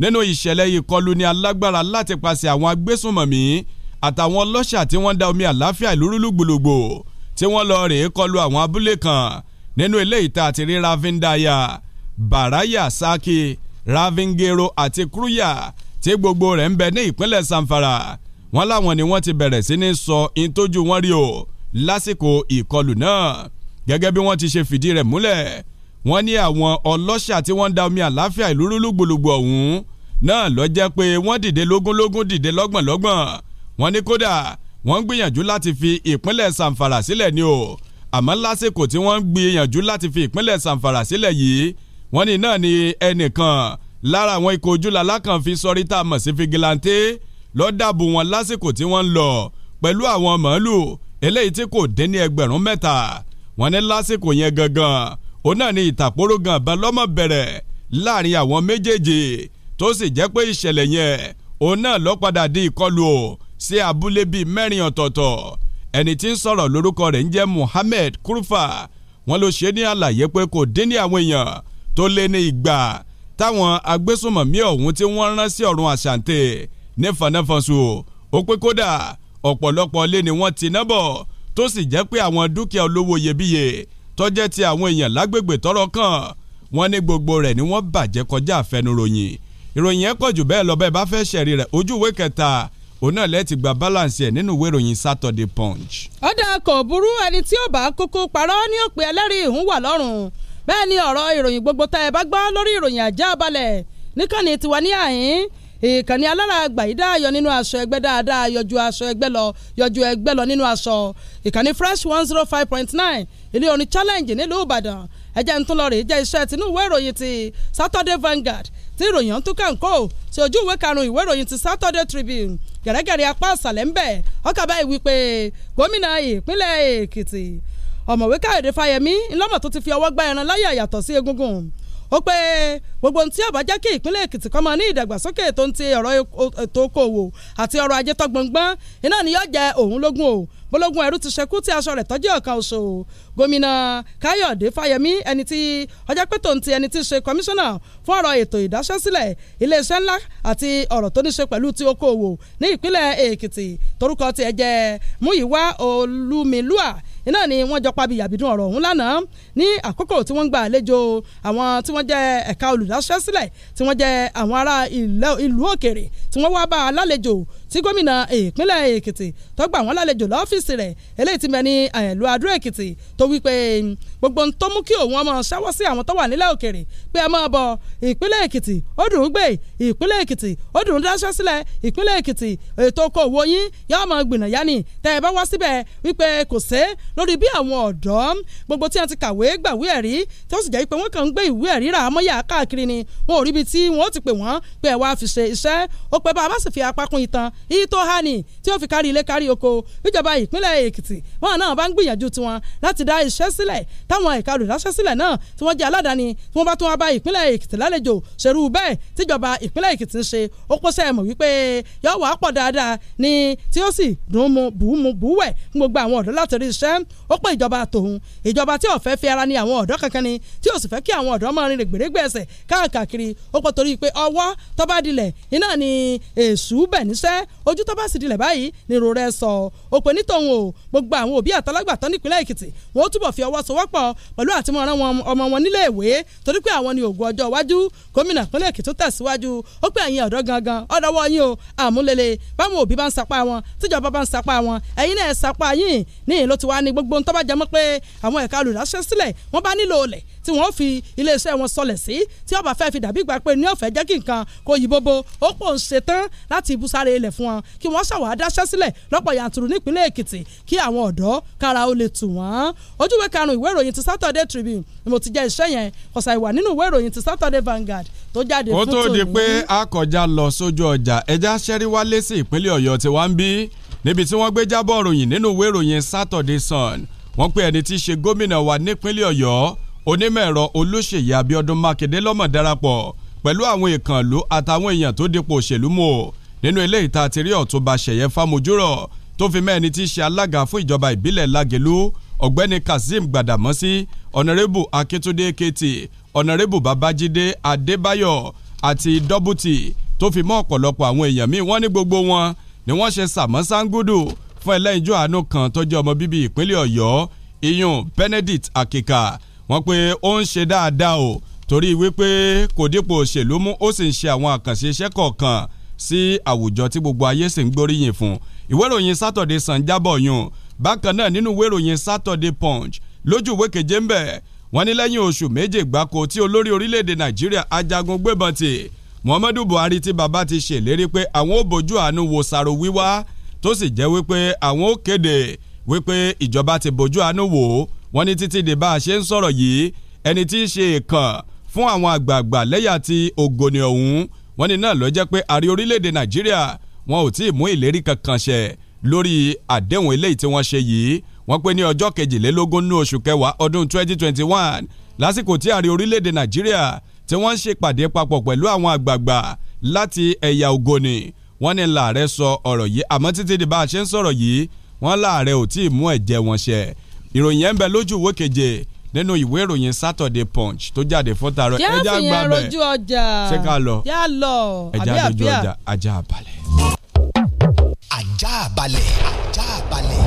nínú ìṣẹ̀lẹ̀ ìkọlù ní alágbára láti pàṣẹ àwọn agbésùnmọ̀mí àtàwọn ọlọ́ṣà tí wọ́n da omi àlàáfíà ìlú rúlùgbòlògbò tí wọ́n lọ rèé kọlu àwọn abúlé kan nínú ilé ìta àti rí Ravindaya Baraya Saki Ravingero àti Kruya tí gbogbo rẹ̀ ń bẹ ní ìpínlẹ̀ Samfara wọ́n láwọn ni wọ́n ti bẹ̀rẹ̀ sí ní sọ ìtọ́jú wọn rí o lásìkò ìkọlù náà gẹ́gẹ́ bí wọ́n ti ṣe fìdí rẹ̀ múlẹ̀ wọ́n ní àwọn ọlọ́ṣà tí wọ́n ń da omi àláfíà ìlú rúlùgbòlùgbò ọ̀hún náà lọ jẹ́ pé wọ́n dìde lógúnlógún dìde lọ́gbọ̀nlọ́gbọ̀n wọ́n ní kódà wọ́n ń gbìyànjú láti fi ìpínlẹ̀ Zamfara sílẹ̀ ni o àmọ́ lásìkò tí wọ́n ń gbìyànjú láti fi ìpínlẹ̀ Zamfara sílẹ̀ yìí wọ́n ní náà ni ẹnìkan lára àwọn ikọ̀ ojúlala kan fi sọrí tá a mọ̀ sí fìgìláńtẹ́ lọ́ọ́ dàbò wọn lásìkò tí wọ́n ń lọ pẹ̀lú àwọn màálù eléyìí tí kò dín ní ẹgbẹ̀rún mẹ́ta wọ́n ní lásìkò yẹn gangan òun náà ni ìtàkóró gan lọ́mọ bẹ̀rẹ̀ láàrin àwọn méjèèjì tó sì jẹ́ pé ìṣẹ̀lẹ̀ yẹn òun náà ló padà di ìkọlù sí abúlé bíi mẹ́rin ọ̀tọ̀ọ̀tọ̀ ẹni tí ń sọ̀rọ̀ lórúkọ rẹ̀ ń jẹ́ Mohammed Kurufa wọ́n ló ṣe ní àlàyé pé kò dín ní àwọn èèyàn tó lé ní ìgbà táwọn agbésùnmọ̀mí ọ̀hún tí wọ́n rán sí ọ̀run àṣàǹtẹ̀ ní fanáfanṣu ó pé kódà ọ̀pọ̀lọpọ̀ ilé ni wọ́n ti ná bọ̀ tó sì jẹ́ pé àwọn dúkìá olówó iyebíye tó jẹ́ ti àwọn èèyàn lágbègbè tọ́rọ̀ kàn wọ́n ní gbogbo rẹ̀ ni wọ́n bàjẹ́ kọjá àfẹnuròyìn ìròyìn ẹ̀ pọ̀ bẹ́ẹ̀ lọ bá fẹ́ ṣẹ̀rí rẹ̀ ojú kẹta òun náà lẹ́ẹ̀tì gba balance ẹ̀ nínú ìwé ìròyìn Saturday Punch. ọ̀dà kò burú ẹni tí ó bá kúkú parọ́ ní òpin ẹlẹ́rìí ìhùn wà lọ́rùn bẹ́ẹ̀ ni ọ̀rọ̀ ìròyìn gbogbo tá ẹ bá gbọ́ lórí ìròyìn àjá balẹ̀ níkànnì tiwa ní àyín ìkànnì alára àgbàyídá ayọ̀ nínú aṣọ ẹgbẹ́ dáadáa yọjú aṣọ ẹgbẹ́ lọ yọjú ẹgbẹ́ lọ nínú aṣọ ìkànnì fresh one zero five point nine ilé orin challenge nílùú Ìbàdàn ẹjẹ ń tún lọ rè é jẹ iṣẹ́ tinú ìwé ìròyìn ti Saturday Vanguard tí ìròyìn ọ̀hún tún kàn kó sí ojú ìwé karùn-ún ìwé ìròyìn ti Saturday Tribune gẹ̀rẹ́gẹ̀rẹ́ apá àṣàlẹ̀ ńbẹ̀ ọkà báyìí wípé gómìnà ìpínlẹ̀ èkìtì ọ̀mọ̀wé káyọ̀dé fáyẹmí ńlọ́mọ̀ tó ti fi ọwọ́ gbá ẹran láyà yàtọ̀ sí egungun ó pé gbogbo ohun tí ó bá jẹ́ kí ìpínlẹ̀ Èkìtì kó máa ní ìdàgbàsókè tó ń ti ọ̀rọ̀ ètò okòwò àti ọrọ̀ ajé tó gbọ̀ngbọ́n iná ni yóò jẹ òun lógún o bólógún ẹrú ti ṣekú tí aṣọ rẹ̀ tọ́jú ọ̀kan oṣù gómìnà káyọ̀dé fáyemí ẹni tí ọjọ́ pé tòun ti ẹni tí ṣe kọmíṣánná fún ọ̀rọ̀ ètò ìdáṣẹ́sílẹ̀ iléeṣẹ́ ńlá àti ọ̀rọ̀ tó ní ṣe pẹ̀lú ti okòwò ní ìpínlẹ̀ èkìtì torúkọ tiẹ̀ jẹ́ múyìwá olúmilúà iná ni wọ́n jọ pa bí yàbídún ọ̀rọ̀ ọ̀hún lánàá ní àkókò tí wọ́n ń gba àlejò àwọn tí wọ́n jẹ́ ẹ̀ka olùdásẹ́sílẹ̀ tí wọ́n jẹ́ àwọn ará ìlú òkèrè tí wọ́n wá bá alálejò tí gómìnà eh, ìpínlẹ̀ èkìtì tó gbà wọ́n lálejò lọ́fíìsì rẹ̀ eléyìí ti mẹ́ni eh, ìlú adó èkìtì tó wí pé hmm, gbogbo ohun tó mú kí òun ọmọ ṣáwọ́ sí àwọn tó wà nílẹ̀ òkèrè pé ẹ máa bọ̀ ìpínlẹ̀ èkìtì ó dùn ún gbé ìpínlẹ̀ èkìtì ó dùn ún dáṣẹ́ sílẹ̀ ìpínlẹ̀ èkìtì ètò okòwò yín yóò máa gbìnà yání tẹ́ ẹ bá wá síbẹ̀ wípé kò sé lórí bí àwọn ọ̀dọ́ gbogbo tí wọ́n ti kàwé gbàwé ẹ̀rí tó sì jẹ́ pé wọ́n kàn ń gbé ìwé ẹ̀rí rà mọ́yà káàkiri ni wọn ò ríbi tí wọ́n ti pè wọ́n pé ẹ wá fi ṣe iṣẹ́ ó pẹ́ bá a bá sì fi apá itan ito hani tí ó fi kárí ilé kárí oko níjọba ìpínlẹ̀ èkìtì wọn náà bá ń gbìyànjú tiwọn láti dá iṣẹ́ sílẹ̀ táwọn ẹ̀ka olùdáṣẹ́ sílẹ̀ náà tí wọ́n jẹ́ aládàáni tí wọ́n bá tún wá bá ìpínlẹ̀ èkìtì lálejò ṣerú bẹ́ẹ̀ tíjọba ìpínlẹ̀ èkìtì ń ṣe ó kó sẹ́ẹ̀ mọ̀ wípé yóò wá pọ̀ dáadáa ni tí ó sì dùn mu bù mu bù wẹ̀ ń gbogbo àwọn ọ̀dọ́ láti rí iṣẹ́ ó pé ìjọba tòun ìjọba tí ò fẹ́ fi ara ni àwọn ọ̀dọ́ kankan ni tí ò sì fẹ́ kí àwọn ọ̀dọ́ máa rin règbèrègbè ẹsẹ̀ káàkiri ó pọ̀ torí pé ọwọ́ tọ́ba dilẹ̀ iná ni èṣù bẹ̀ níṣẹ́ ojú tó bá sì dilẹ̀ báyìí ni irun rẹ̀ sọ ò pé nítòun o gbogbo àwọn òbí àtàlágbàtọ́ nípínlẹ̀ Èkìtì wọ́n túbọ̀ fi ọwọ́ sowọ́pọ̀ pẹ̀lú àti máa rán ọmọ wọn nílé ìwé torí pé àwọn ni ògùn ọjọ́ iwájú gómìnà ìpínlẹ̀ Èkìtì tó tẹ̀síwájú ó pé ẹ̀yin ọ̀dọ́ gangan ọ̀dọ́wọ́ yín o àmúlele báwọn òbí bá ń sapá wọn tíjọba bá ń sapá wọn ẹ̀yin náà sapá yín ní ìlú tiwa ni gbogbo ń tọ́bàjẹ́ mọ́ pé àwọn ẹ̀ka olùdáṣẹ́ sílẹ̀ wọ́n bá nílò olè tí wọ́n fi iléeṣẹ́ wọn sọlẹ̀ sí tí ọba fẹ́ fi dàbí ìgbà pé ní ọ̀fẹ́ jẹ́ kí nǹkan kò yí bóbó ó pò ń ṣetán láti ibùsàrè ilẹ̀ fún wọn kí wọ́n ṣàwà dáṣẹ́ sílẹ̀ lọ́pọ̀ yàntúrú nípínlẹ̀ Èkìtì kí àwọn ọ̀dọ́ kára ó lè tù wọ́n. ojúwe karùn ìwé ìròyìn ti Saturday Tribune mo ti jẹ iṣẹ́ yẹn kọ̀sà ìwà nínú ìwé ìròyìn ti Saturday Vanguard tó jáde fún tòun. kó tó di pé a lọ sójú ọjà ẹja onímọ̀ ẹ̀rọ olóṣèyí Abíọ́dún Mákindé lọ́mọ̀ darapọ̀ pẹ̀lú àwọn ìkànnlú àtàwọn èèyàn tó dipò òṣèlú mọ́ nínú ilé ìta ti rí Ọ̀túnba Ṣẹ̀yẹ Fámojúrọ̀ tó fi mẹ́ni tí í ṣe alága fún ìjọba ìbílẹ̀ Lágelú ọ̀gbẹ́ni Kazeem Gbàdàmọ́sí ọ̀nàrẹ́bù Akíntúndé Kétì ọ̀nàrẹ́bù Babájídé Adébáyọ̀ àti dọ́bùtì tó fi mọ́ ọ̀pọ̀lọpọ̀ àwọn èèyàn míì wọ́n ní gbogbo wọn ni wọ́n ṣe sàmọ́sángúdù fún ẹlẹ́yinjú àánú kan tó jẹ́ ọmọ bíbí ìpínlẹ̀ Ọ̀yọ́ iyun Benedict Akika wọ́n pé ó ń ṣe dáadáa o torí wípé kò dípò òṣèlú mú ó sì ń ṣe àwọn àkànṣe iṣẹ́ kọ̀ọ̀kan sí àwùjọ tí gbogbo ayé sì ń gbóríyìn fún ìwé ìròyìn Saturday Sun jábọ̀ yùn bákan náà nínú ìwé ìròyìn Saturday Punch lójú ìwé keje ń bẹ̀ wọ́n ní lẹ́yìn oṣù méje gbáko tí olórí orílẹ̀-èdè Nàìjíríà ajagun gbébọn tì Muhammadu Buhari tí bàbá ti ṣèlérí pé àwọn ò bójú àánú wo sàrò wíwá tó sì jẹ́ wípé àwọn ò kéde wípé ìjọba ti bójú àánú wò wọ́n ní títí dè bá a ṣe ń sọ̀rọ̀ yìí ẹni tí í ṣe ìkàn fún àwọn àgbààgbà lẹ́yà ti ògònì ọ̀hún wọ́n ní náà ló jẹ́ pé àrí orílẹ̀-èdè nàìjíríà wọn ò tí ì mú ìlérí kankan ṣẹ lórí àdéhùn eléyìí tí wọ́n ṣe yìí wọ́n pé ní ọjọ́ kejìlélógún ní oṣù kẹwàá ọdún 2021 lásìkò tí àrí orílẹ̀-èdè nàìjíríà tí wọ́n ń ṣèpàdé papọ̀ pẹ̀lú àwọn àgbààgbà láti ẹ̀yà ògònì wọ́n ní làárẹ̀ sọ ọ̀rọ̀ yìí àmọ́ títí di bá a ṣe ń sọ̀rọ̀ yìí wọ́n làárẹ̀ ò tí ì mú ẹ̀jẹ̀ wọn ṣẹ ìròyìn ẹ̀ ń bẹ lójú ìwé keje nínú ìwé ìròyìn Saturday Punch tó jáde fún tààrọ ẹja gbà bẹ ṣé ká lọ yá lọ ẹja rojú ọjà ajá balẹ̀. ajá balẹ̀ ajá balẹ̀.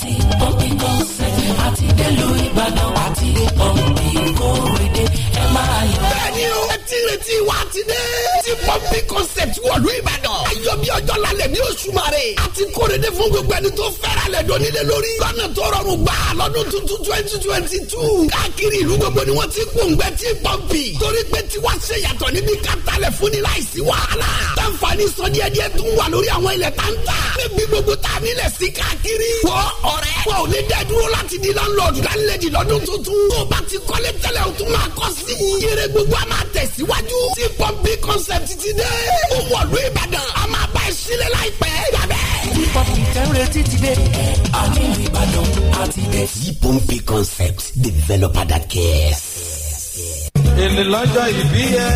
ti pọ́ńpì kan àti délùú Ìbàdàn àti pọ́ńpì kórè retí wa ti dé. ti pọ́ńpì concept wọ̀lú ìbàdàn. ayọ̀ bí ọjọ́ lálẹ́ ní oṣù mare. a ti kóre dé fún gbogbo ẹni tó fẹ́ràn lẹ̀ dọ́ni lé lórí. lọ́nà tó rọrùn gbà lọ́dún tuntun twenty twenty two. káàkiri ìlú gbogbo ni wọ́n ti gbòǹgbẹ́ ti pọ́ńpì. torí pé tiwa ṣe yàtọ̀ níbi kátàlẹ̀ fúnni láìsí wàhálà. táǹfààní sọ díẹ̀ díẹ̀ tún wà lórí àwọn ilẹ̀ táǹtà. níbi gbogbo tá a nílẹ̀ sí káàkiri. wọ ọ̀rẹ́. wọn tẹ̀síwájú tí pọ́ǹpì concept ti dé. ó wọ̀lú ìbàdàn a máa bá ẹ sílẹ̀ láìpẹ́ gbàgbẹ́. tí pọ́ǹpì tẹ́rẹ̀ ti ti dé. àní ìbàdàn a ti dé. tí pọ́ǹpì concept developer that cares. èlé lọ́jọ́ ìbí yẹ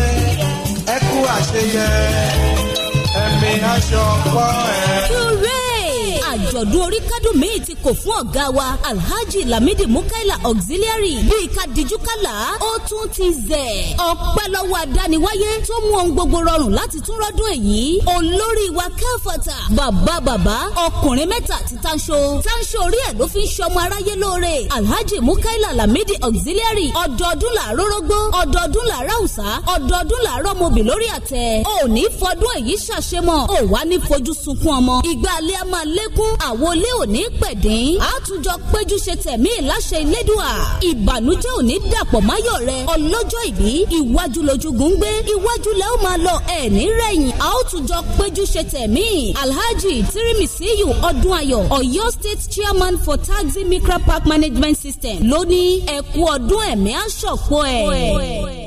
ẹ kú àṣeyẹ ẹ̀mí aṣọ ọkọ ẹ̀ àjọ̀dún orí kádùn míì ti kò fún ọ̀gá wa alhaji lamidi mukaila auxiliary bíi ká dijú kálá ó tún ti zẹ̀ ọpẹ́ lọ́wọ́ adániwáyé tó mú ohun gbogbo rọrùn láti tún rọ́dún èyí olórí wa káfọ́tà bàbá bàbá ọkùnrin mẹ́ta ti tanṣo tanṣo orí ẹ̀ ló fi ń ṣọmọ aráyé lóore alhaji mukaila lamidi auxiliary ọdọọdún làárọ̀rọ̀gbó ọdọọdún làárọ̀ọ̀sá ọdọọdún làárọ̀mọbì lórí àtẹ òní fọdún èyí ṣàṣemọ̀ òwá ní fojú sunkún ọmọ ìgbà alẹ́ a máa lékún àwọlé òní pẹ̀dín àtúnjọ péjú ṣe tẹ̀mí láṣẹ ìlédùà ìbànújẹ́ òní dàpọ̀ máyọ̀ rẹ ọlọ́jọ́ ìbí ìwájú lójúgun gbé ìwájú lẹ́ ó máa lọ ẹ̀ní rẹ̀yìn àtúnjọ péjú ṣe tẹ̀mí alhaji tirimisiyu ọdún ayọ̀ ọ̀yọ́ state chairman for taxi micro park management system lóní ẹ̀kú ọdún ẹ̀mí àṣọ̀pọ̀ ẹ̀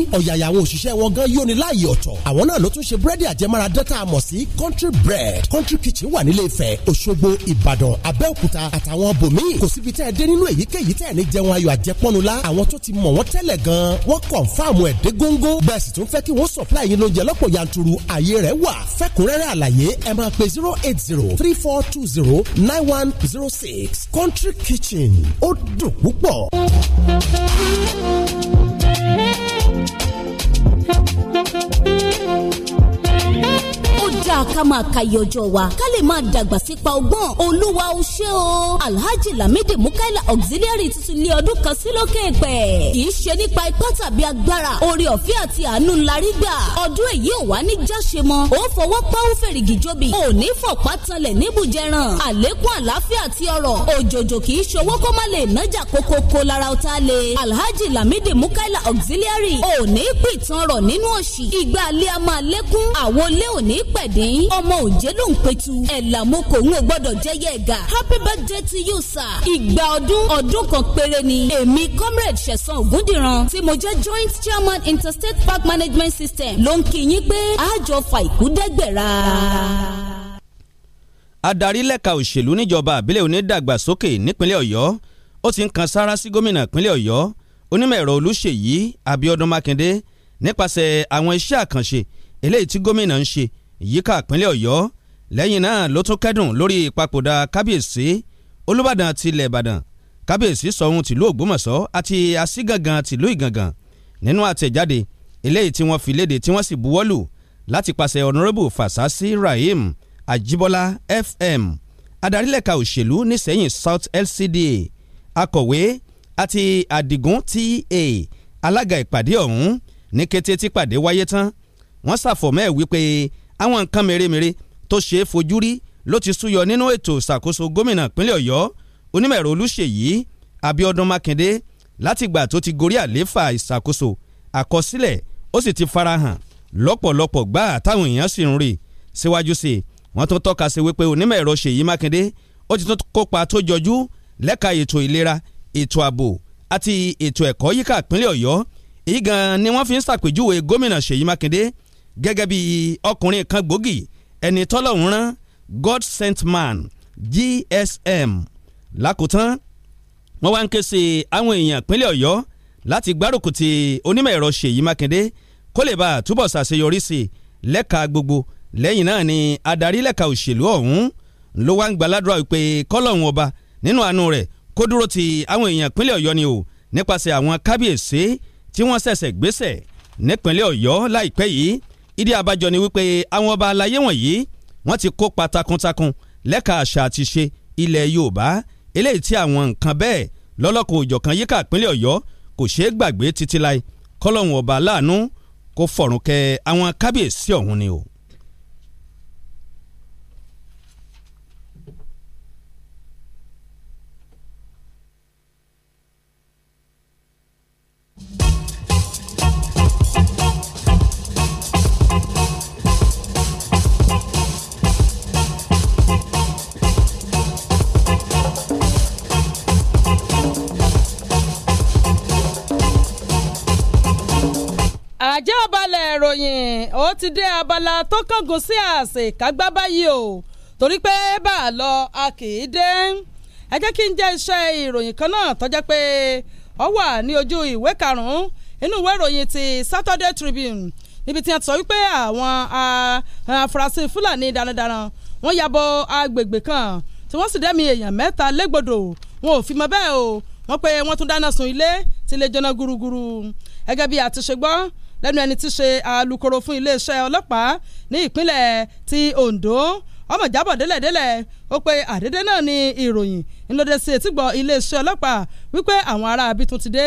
ní ọ̀yàyà àwọn òṣìṣẹ́ wọn gan yóò ní láàyè ọ̀tọ̀ àwọn náà ló tún ṣe búrẹ́dì àjẹmára dẹ́ta àmọ̀ sí country bread country kitchen wà nílé Ifẹ̀ Òṣogbo Ìbàdàn Abẹ́òkúta àtàwọn bòmíì kò síbi tẹ́ ẹ dé nínú èyíkéyìí tẹ́ ẹ ní jẹun ayọ̀ àjẹpọ́nu la àwọn tó ti mọ̀ wọ́n tẹ́lẹ̀ gan wọ́n kọ̀ǹfàmù ẹ̀ dé góńgó bẹ́ẹ̀ supply yín lóúnjẹ lọ́pọ̀ yanturu ààyè rẹ̀ wà fẹ́kúnrẹ́rẹ́ àlàyé ẹ zero eight zero three four two zero nine one zero six country kitchen ó dùn púpọ̀. Thank dáa ká máa ka iye wa ká lè máa dàgbà sípa ọgbọ́n olúwa ó ṣe o alhaji lamidi mukaila auxiliary tuntun lé ọdún kan sí lókè pẹ̀ kì í ṣe nípa ipá tàbí agbára orí ọ̀fẹ́ àti àánú ńlá rí gbà ọdún èyí ò wá ní jáṣe mọ́ ó fọwọ́ páwọn fèrègì jóbi òní fọ̀pá tanlẹ̀ níbùjẹran àlékún àlàáfíà àti ọrọ̀ òjòjò kì í ṣowó kó má lè nájà kókó kó lára ọ̀tá le alhaji lamidi mukaila auxiliary òní pìtàn rọ̀ nínú òṣì ìgbà alẹ́ a máa lékún àbí ọmọ òjé ló ń petu ẹ̀là mo kò ń gbọ́dọ̀ jẹ́yẹ ẹ̀gà happy birthday to you sir ìgbà ọdún ọdún kan péré ni èmi comrade ṣẹ̀san ògúndìran tí mo jẹ́ joint chairman interstate park management system ló ń kí yín pé àjọ fàìkúdẹ́gbẹ̀ra adarí lẹ́ka òṣèlú níjọba àbílẹ̀ onídàgbàsókè nípínlẹ̀ ọ̀yọ́ ó ti ń kan sára sí gómìnà ìpínlẹ̀ ọ̀yọ́ onímọ̀ ẹ̀rọ olúṣèyí abiodun makinde nípasẹ̀ àwọn iṣẹ́ àkànṣe eléyìí tí gómìnà ń ṣe yíká ìpínlẹ̀ ọ̀yọ́ lẹ́yìn náà ló tún kẹ́dùn lórí ìpapòdà kábíyèsí olúbàdàn tilẹ̀ ìbàdàn kábíyèsí sọ̀hún tìlú ògbómọ̀ṣọ́ àti àṣìgàngàn tìlú ìgàngàn nínú àtẹ̀jáde eléyìí tí wọ́n fi léde tí wọ́n sì buwọ́lù láti pàṣẹ ọ̀nàrẹ́bù fàṣásí rahim ajibola fm adarílẹ̀ka òṣèlú nísẹ̀yìn south lcda akọ̀wé àti àdìgún ta alága ìpàdé ọ̀hún ní kété tí pàdé wáyé tán wọ́n ṣàfọ̀mọ́ wípé àwọn nǹkan mèremère tó ṣe é fojú rí ló ti súyọ nínú ètò ìṣàkóso gómìnà ìpínlẹ̀ ọ̀yọ́ onímọ̀ ẹ̀rọ olúṣèyí abíọ́dún mákindé látìgbà tó ti gorí àléfà ìṣàkóso àkọsílẹ̀ ó sì ti farahàn lọ́pọ̀lọpọ̀ gbà táwọn èèyàn sì ń rí síwájú sí i wọ́n tún tọ́ka sí wípé onímọ̀ ẹ̀rọ ṣèyí mákindé ó ti tún kópa tó jọjú lẹ́ka ètò ìlera ètò ààbò àti ètò ẹ̀kọ́ yíká ìpínlẹ̀ ọ̀yọ́ èyí gan ni wọ́n fi ń ṣàpèjúwe gómìnà ṣèyí mákindé gẹ́gẹ́ bí ọkùnrin kan gbòógì ẹni tọ́lọ́hún rán God sent man GSM lákòótán wọ́n wá ń ké sí àwọn èèyàn ìpínlẹ̀ Ọ̀yọ́ láti gbárùkù ti onímọ̀ ẹ̀rọ Ṣèyí Mákindé kó lè bá túbọ̀ ṣàṣeyọrí sí i lẹ́ka gbogbo lẹ́yìn náà ni adarí lẹ́ka òṣèlú ọ̀hún ló wá ń gbaládùra wípé kọ́lọ́hún ọba nínú àánú rẹ̀ kó dúró ti àwọn èèyàn ìpínlẹ̀ Ọ̀yọ́ ni o nípasẹ̀ àwọn kábíyèsí tí wọ́n ṣẹ̀ṣẹ̀ gbéṣẹ̀ nípínlẹ̀ Ọ̀yọ́ láìpẹ́ yìí ìdí àbájọ ni wípé àwọn ọba aláyé wọ̀nyí wọ́n ti kópa takuntakun lẹ́ka àṣà àti ṣe ilẹ̀ Yorùbá eléyìí tí àwọn nǹkan bẹ́ẹ̀ lọ́lọ́kọ̀ òjọ̀kan yíká ìpínlẹ̀ Ọ̀yọ́ kò ṣeé gbàgbé títí láì kọ́lọ́hún ọba láàánú kó fọ̀rùn kẹ àwọn kábíyèsí ọ̀hún ni o. àjàbalẹ̀ ìròyìn ó ti dé abala tó kángun sí àsè kágbá báyìí o torí pé bá a lọ a kì í dé ẹ jẹ́ kí n jẹ́ iṣẹ́ ìròyìn kan náà tó pé ó wà ní ojú ìwé karùn-ún inú ìwé ìròyìn ti Saturday Tribune níbi tí a ti sọ wípé àwọn afurasí Fúlàní darandaran wọ́n yabọ̀ agbègbè kan tí wọ́n sì dẹ́mi èèyàn mẹ́ta légbodò wọn ò fi mọ bẹ́ẹ̀ o wọ́n pé wọ́n tún dáná sun ilé tí ilé jóná gúrúgúrú gẹ́gẹ́ bí a ti ṣe gbọ́ lẹ́nu ẹni tí ṣe alukoro fún iléeṣẹ́ ọlọ́pàá ní ìpínlẹ̀ ti Ondo ọmọ Ìjábọ̀ délẹ̀délẹ̀ ó pe àdédé náà ni ìròyìn ńlọdẹ sí etígbọ̀ iléeṣẹ́ ọlọ́pàá wípé àwọn ará abí tún ti dé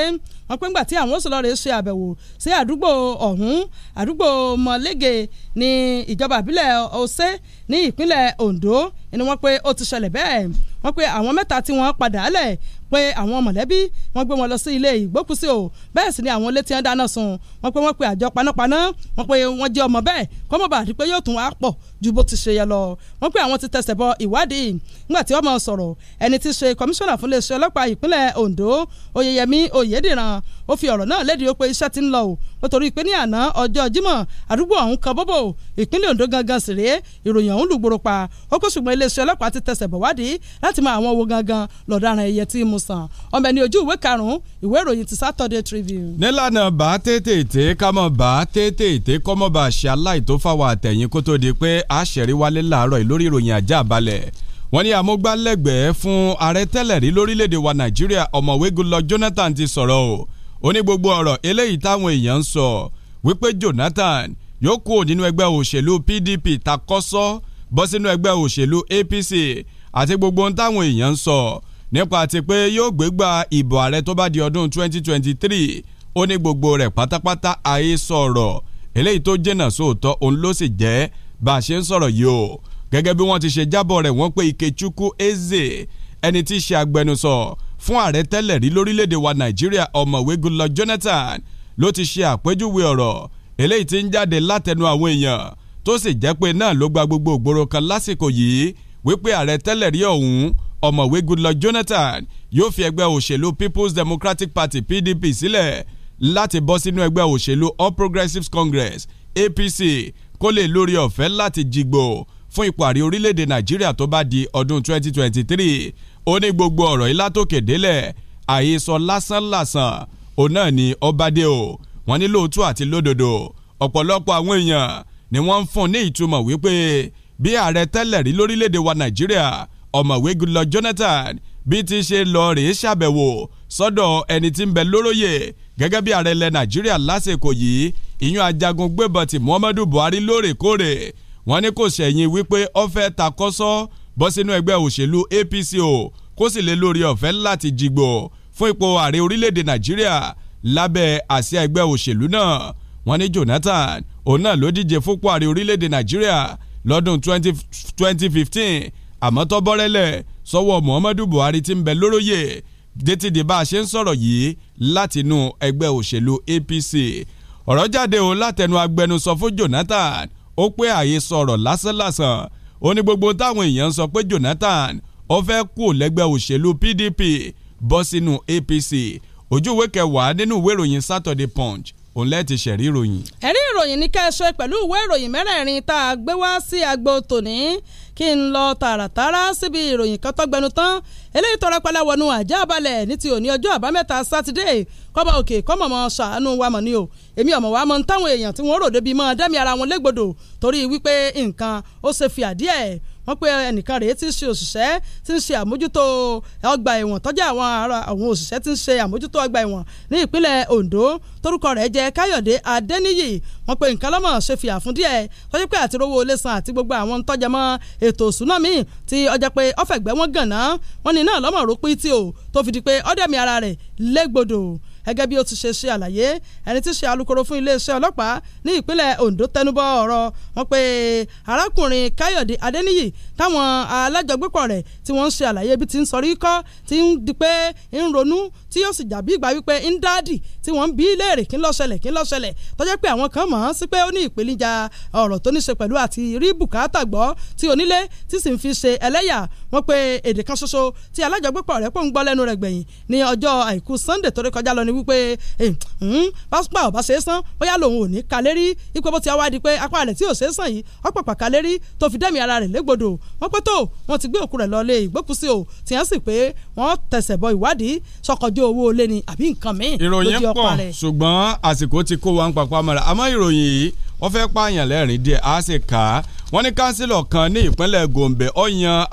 wọn pé ńgbà tí àwọn òṣèlú rẹ̀ ṣe àbẹ̀wò sí àdúgbò ọ̀hún àdúgbò mọ̀lẹ́gẹ̀ ní ìjọba àbílẹ̀ ọ̀sẹ́ ní ìpínlẹ̀ Ondo ni wọ́n pe ó ti ṣẹlẹ̀ bẹ́ẹ̀ wọ́n pe àwọn mẹ́ta tí wọ́n padà lẹ̀ pé àwọn mọ̀lẹ́bí wọ́n gbé wọn lọ sí ilé ìgbókùsí o bẹ́ẹ̀ sì ni àwọn ilé tí wọ́n dáná sun wọ́n pé wọ́n pe àjọ panápaná wọ́n pe wọ́n jẹ́ ọmọ bẹ́ẹ̀ kọ́mọ̀bà àti pé yóò tún wá pọ̀ ju bó ti ṣe yẹ lọ wọ́n pe àwọn ti tẹsẹ̀ bọ ìwádìí Abdul nígbà tí wọ́n máa sọ̀rọ̀ ẹni tí í ṣe kọmíṣánná fún iléeṣẹ́ ọlọ́pàá ìpínlẹ̀ Ondo Oyèyẹmí Oyèdìran ó fi ọ̀rọ̀ náà lédìí ó pé iṣẹ́ ti ń lọ o nítorí pé ní àná ọjọ́ Jímọ̀ àdúgbò ọ̀hún kan bóbò ìpínlẹ̀ Ondo gangan sì rèé ìròyìn ọ̀hún lùgbòrò pa ó kó ṣùgbọ́n iléeṣẹ́ ọlọ́pàá ti tẹsẹ̀ bọ̀ wádìí láti máa àwọn owó gangan lọ́daràn ẹ̀yẹ tí mo sàn ọmọ ẹni ojú ìwé karùn-ún ìwé ìròyìn ti Saturday Tribune. nílànà bá tètè kámọ̀ bá tètè kọ́mọ̀ bá ṣe aláìtófáwọ̀ àtẹ̀yìn kó tó di pé àṣẹ̀rí wálé láàárọ̀ ìlórí ìròyìn àjá àbálẹ̀ wọ́n ní amúgbálẹ́gbẹ̀ẹ́ fún ààrẹ tẹ́lẹ̀ rí lórílẹ̀‐èdè wa nàìjíríà ọ̀mọ̀wé Goodluck Jonathan ti sọ̀rọ̀ o ó ní gbogbo ọ̀rọ̀ eléyìí táwọn èèyàn ń sọ wípé Jonathan yóò kúrò nínú ẹgbẹ́ òṣèlú PDP takọ́sọ́ bọ́ sínú ẹgbẹ́ òṣèlú APC àti gbogbo ohun táwọn èèyàn ń sọ nípa ti pé yóò gbégbá ìbò ààrẹ tó bá di ọdún 2023 ó ní gbogbo rẹ̀ pátápátá àhesọ ọ̀rọ̀ eléyìí tó jẹ́nà sóòótọ́ òun ló sì jẹ́ bá a ṣe ń sọ̀rọ̀ yìí o gẹ́gẹ́ bí wọ́n ti ṣe jábọ̀ rẹ̀ wọ́n pé Ikechukwu Eze ẹni tí í ṣe agbẹnusọ fún ààrẹ tẹ́lẹ̀ rí lórílẹ̀‐èdè wa Nàìjíríà ọ̀mọ̀wé Goodluck Jonathan ló ti ṣe àpèjúwe ọ̀rọ̀ eléyìí tí ń jáde látẹnu àwọn èèyàn tó sì jẹ́ pé náà ló gba gbogbo ògbóró kan lásìkò yìí wípé ààrẹ tẹ́lẹ̀ rí ọ̀hún ọ̀mọ̀wé Goodluck Jonathan yóò fi ẹgbẹ́ òṣèlú People's Democratic Party PDP sílẹ̀ láti bọ́ sínú ẹgbẹ́ òṣèlú All Progressives Congress APC kó lè lórí ọ̀fẹ́ láti jìgbò fún ipò ààrẹ orílẹ̀-èdè nàìjíríà tó bá di ọdún 2023 ó ní gbogbo ọ̀rọ̀ yìí látòkè délẹ̀ àhesọ lásánlàsàn òun náà ni ọbadé o wọ́n ní lóòótọ́ àti lódodo ọ̀pọ̀lọpọ̀ àwọn èèyàn ni wọ́n ń fún ní ìtumọ̀ wípé bí ààrẹ tẹ́lẹ̀ rí lórílẹ̀‐èdè wa nàìjíríà ọ̀mọ̀wé Goodluck Jonathan bí ti ṣe lọ rèé ṣàbẹ̀wò sọ́dọ̀ ẹni tí ń bẹ lóróyè gẹ́gẹ́ bí ààrẹ ilẹ̀ nàìjíríà lásìkò yìí ìyún ajagun gbébọn ti Muhammadu Buhari lóòrèkóòrè wọ́n ní kò ṣẹ̀yìn wípé ó fẹ́ takọ́sọ́ bọ́ sínú ẹgbẹ́ òṣèlú APC o kó sì lè lórí ọ̀fẹ́ láti jìgbò fún ipò ààrẹ orílẹ̀-èdè Nàìjíríà lábẹ́ àsíá ẹgbẹ́ òṣèlú náà wọ́n ní Jonathan òun náà ló díje fúnpò ààrẹ orílẹ̀-èdè Nàìjíríà lọ́dún 2015 àmọ́ tó bọ́rẹ́lẹ̀ sọ́wọ́ Muhammadu Buhari ti ń bẹ lóróyè détí di bá a ṣe ń sọ̀rọ̀ yìí látinú ẹgbẹ́ òṣèlú APC ọ̀rọ̀ jáde o látẹnu agbẹnusọ fún Jonathan ó pé àyè sọ̀rọ̀ lásánlàsàn ó ní gbogbo táwọn èèyàn sọ pé Jonathan ó fẹ́ kú lẹ́gbẹ́ òṣèlú PDP bọ́ sínú APC ojú ìwé kẹwàá nínú ìwé ìròyìn Saturday Punch òun lẹ́ẹ̀tì ṣẹ̀rí ìròyìn. ẹ̀rí ìròyìn ní kẹ́sọ́ pẹ̀lú ìwé ìròyìn mẹ́rẹ̀ẹ̀rin tá a gbé wá sí agbo tòní kí n lọ tààràtàrà síbi ìròyìn kan tó gbẹnu tán eléyìí tọrọ pẹlẹ wọnú àjà balẹ̀ ní ti òní ọjọ́ àbámẹ́ta sátidé kọ́ba òkè kọ́mọ̀ mọ́ ṣàánú wa mọ̀ ni o èmi ọmọ wa mọ̀ ń táwọn èèyàn tí wọ́n rò débi mọ́ dẹ́mi ara wọn légbodò torí wípé nǹkan ó ṣe fìyà díẹ̀ wọ́n pe ẹnìkan rèé tí ń ṣe òṣìṣẹ́ tí ń ṣe àmójútó ọgbà ẹ̀wọ̀n tọ́jú àwọn ará àwọn òṣìṣẹ́ tí ń ṣe àmójútó ọgbà ẹ̀wọ̀n ní ìpínlẹ̀ Ondo torúkọ rẹ̀ jẹ́ Káyọ̀dé Adéníyì wọ́n pe nǹkan lọ́mọ̀ ṣe fìyà fún díẹ̀ tọ́jú pé àti rówó ilé san àti gbogbo àwọn tọ́jà mọ́ ètò ìṣúná míì tí ọjà pé ọ̀fẹ́gbẹ́ wọn gànná wọn ni náà lọ́mọ̀ rò pé tí o tó fi di pé ọ̀dẹ̀mí gẹ́gẹ́ bí ó ti ṣe ṣe àlàyé ẹni tí ṣe alukoro fún iléeṣẹ́ ọlọ́pàá ní ìpínlẹ̀ Ondo tẹnubọ ọ̀rọ̀ wọn pé arákùnrin Káyọ̀dé Adéníyì táwọn alájọgbépọ̀ rẹ̀ tí wọ́n ń ṣe àlàyé bí ti ń sọrí kọ́ ti ń di pé ń ronú tí yóò sì jàbí ìgbà wípé ndadi tí wọ́n ń bí léèrè kí ló ṣẹlẹ̀ kí ló ṣẹlẹ̀ tọ́jẹ́ pé àwọn kan mọ̀ ọ́n sí pé ó ní ìpèníjà ọ̀rọ̀ tó ní ṣe pẹ̀lú àti rí bùkátà gbọ́ tí onílé tí sì ń fi ṣe ẹlẹ́yà wọ́n pe èdè kan ṣoṣo tí alájọgbépọ̀ rẹ̀ pò ń gbọ́ lẹ́nu rẹ̀ gbẹ̀yìn ní ọjọ́ àìkú Sunday tó kọjá lọ ni wípé pásítọ̀ ọ̀bá ṣe é san bóyá lòun ò ní ka lérí ipò bó ti wá di pé apá rẹ̀ tí ò ṣe é san yìí ọ̀pọ̀ pàkà lérí tó fi dẹ́mi ara rẹ̀ légbodò wọ́n pé tó wọ́n ti gbé òkú rẹ̀ lọ lé ìgbókùsí o tìyẹn sì pé wọ́n tẹ̀sẹ̀ bọ ìwádìí sọkọjọ jó owó ilé ni àbí nǹkan míì ló di ọ̀pá rẹ̀. ìròyìn pọ̀ ṣùgbọ́n àsìkò ti kó wa ń papọ̀ àmọ́ àmọ́ ìròyìn yìí wọ́n fẹ́ pààyàn lẹ́rìn díẹ̀ á sì kà á wọ́n ní kánsílọ̀ kan ní ìpínlẹ̀ Gombe ó yan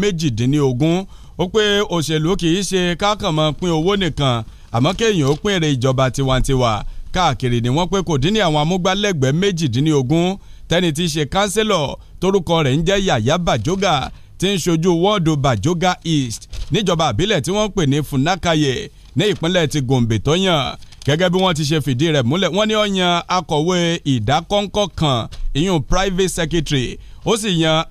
méjìdínlógún ó pé òṣèlú kì í ṣe kákànmọ́ pín owó nìkan àmọ́ kéèyàn ó pín èrè ìjọba tiwantiwa káàkiri ni wọ́n pé kò dín ní àwọn amúgbálẹ́gbẹ̀ẹ́ méjìdínlógún tẹ́ni tí í ṣe kánsílọ̀ torúkọ rẹ̀ ń jẹ́ Yàyà Bàjọ́gà tí ń ṣojú wọ́ọ̀dù Bàjọ́gà East níjọba àbílẹ̀ tí wọ́n ń pè ní funakaye ní ìpínlẹ̀ ti gombe tó yàn gẹ́gẹ́ bí wọ́n ti ṣe fìdí rẹ̀ múlẹ̀ wọ́n ní ó akọ̀wé ìdákọ́ńkọ́ kan ìyún private secretary ó sì yan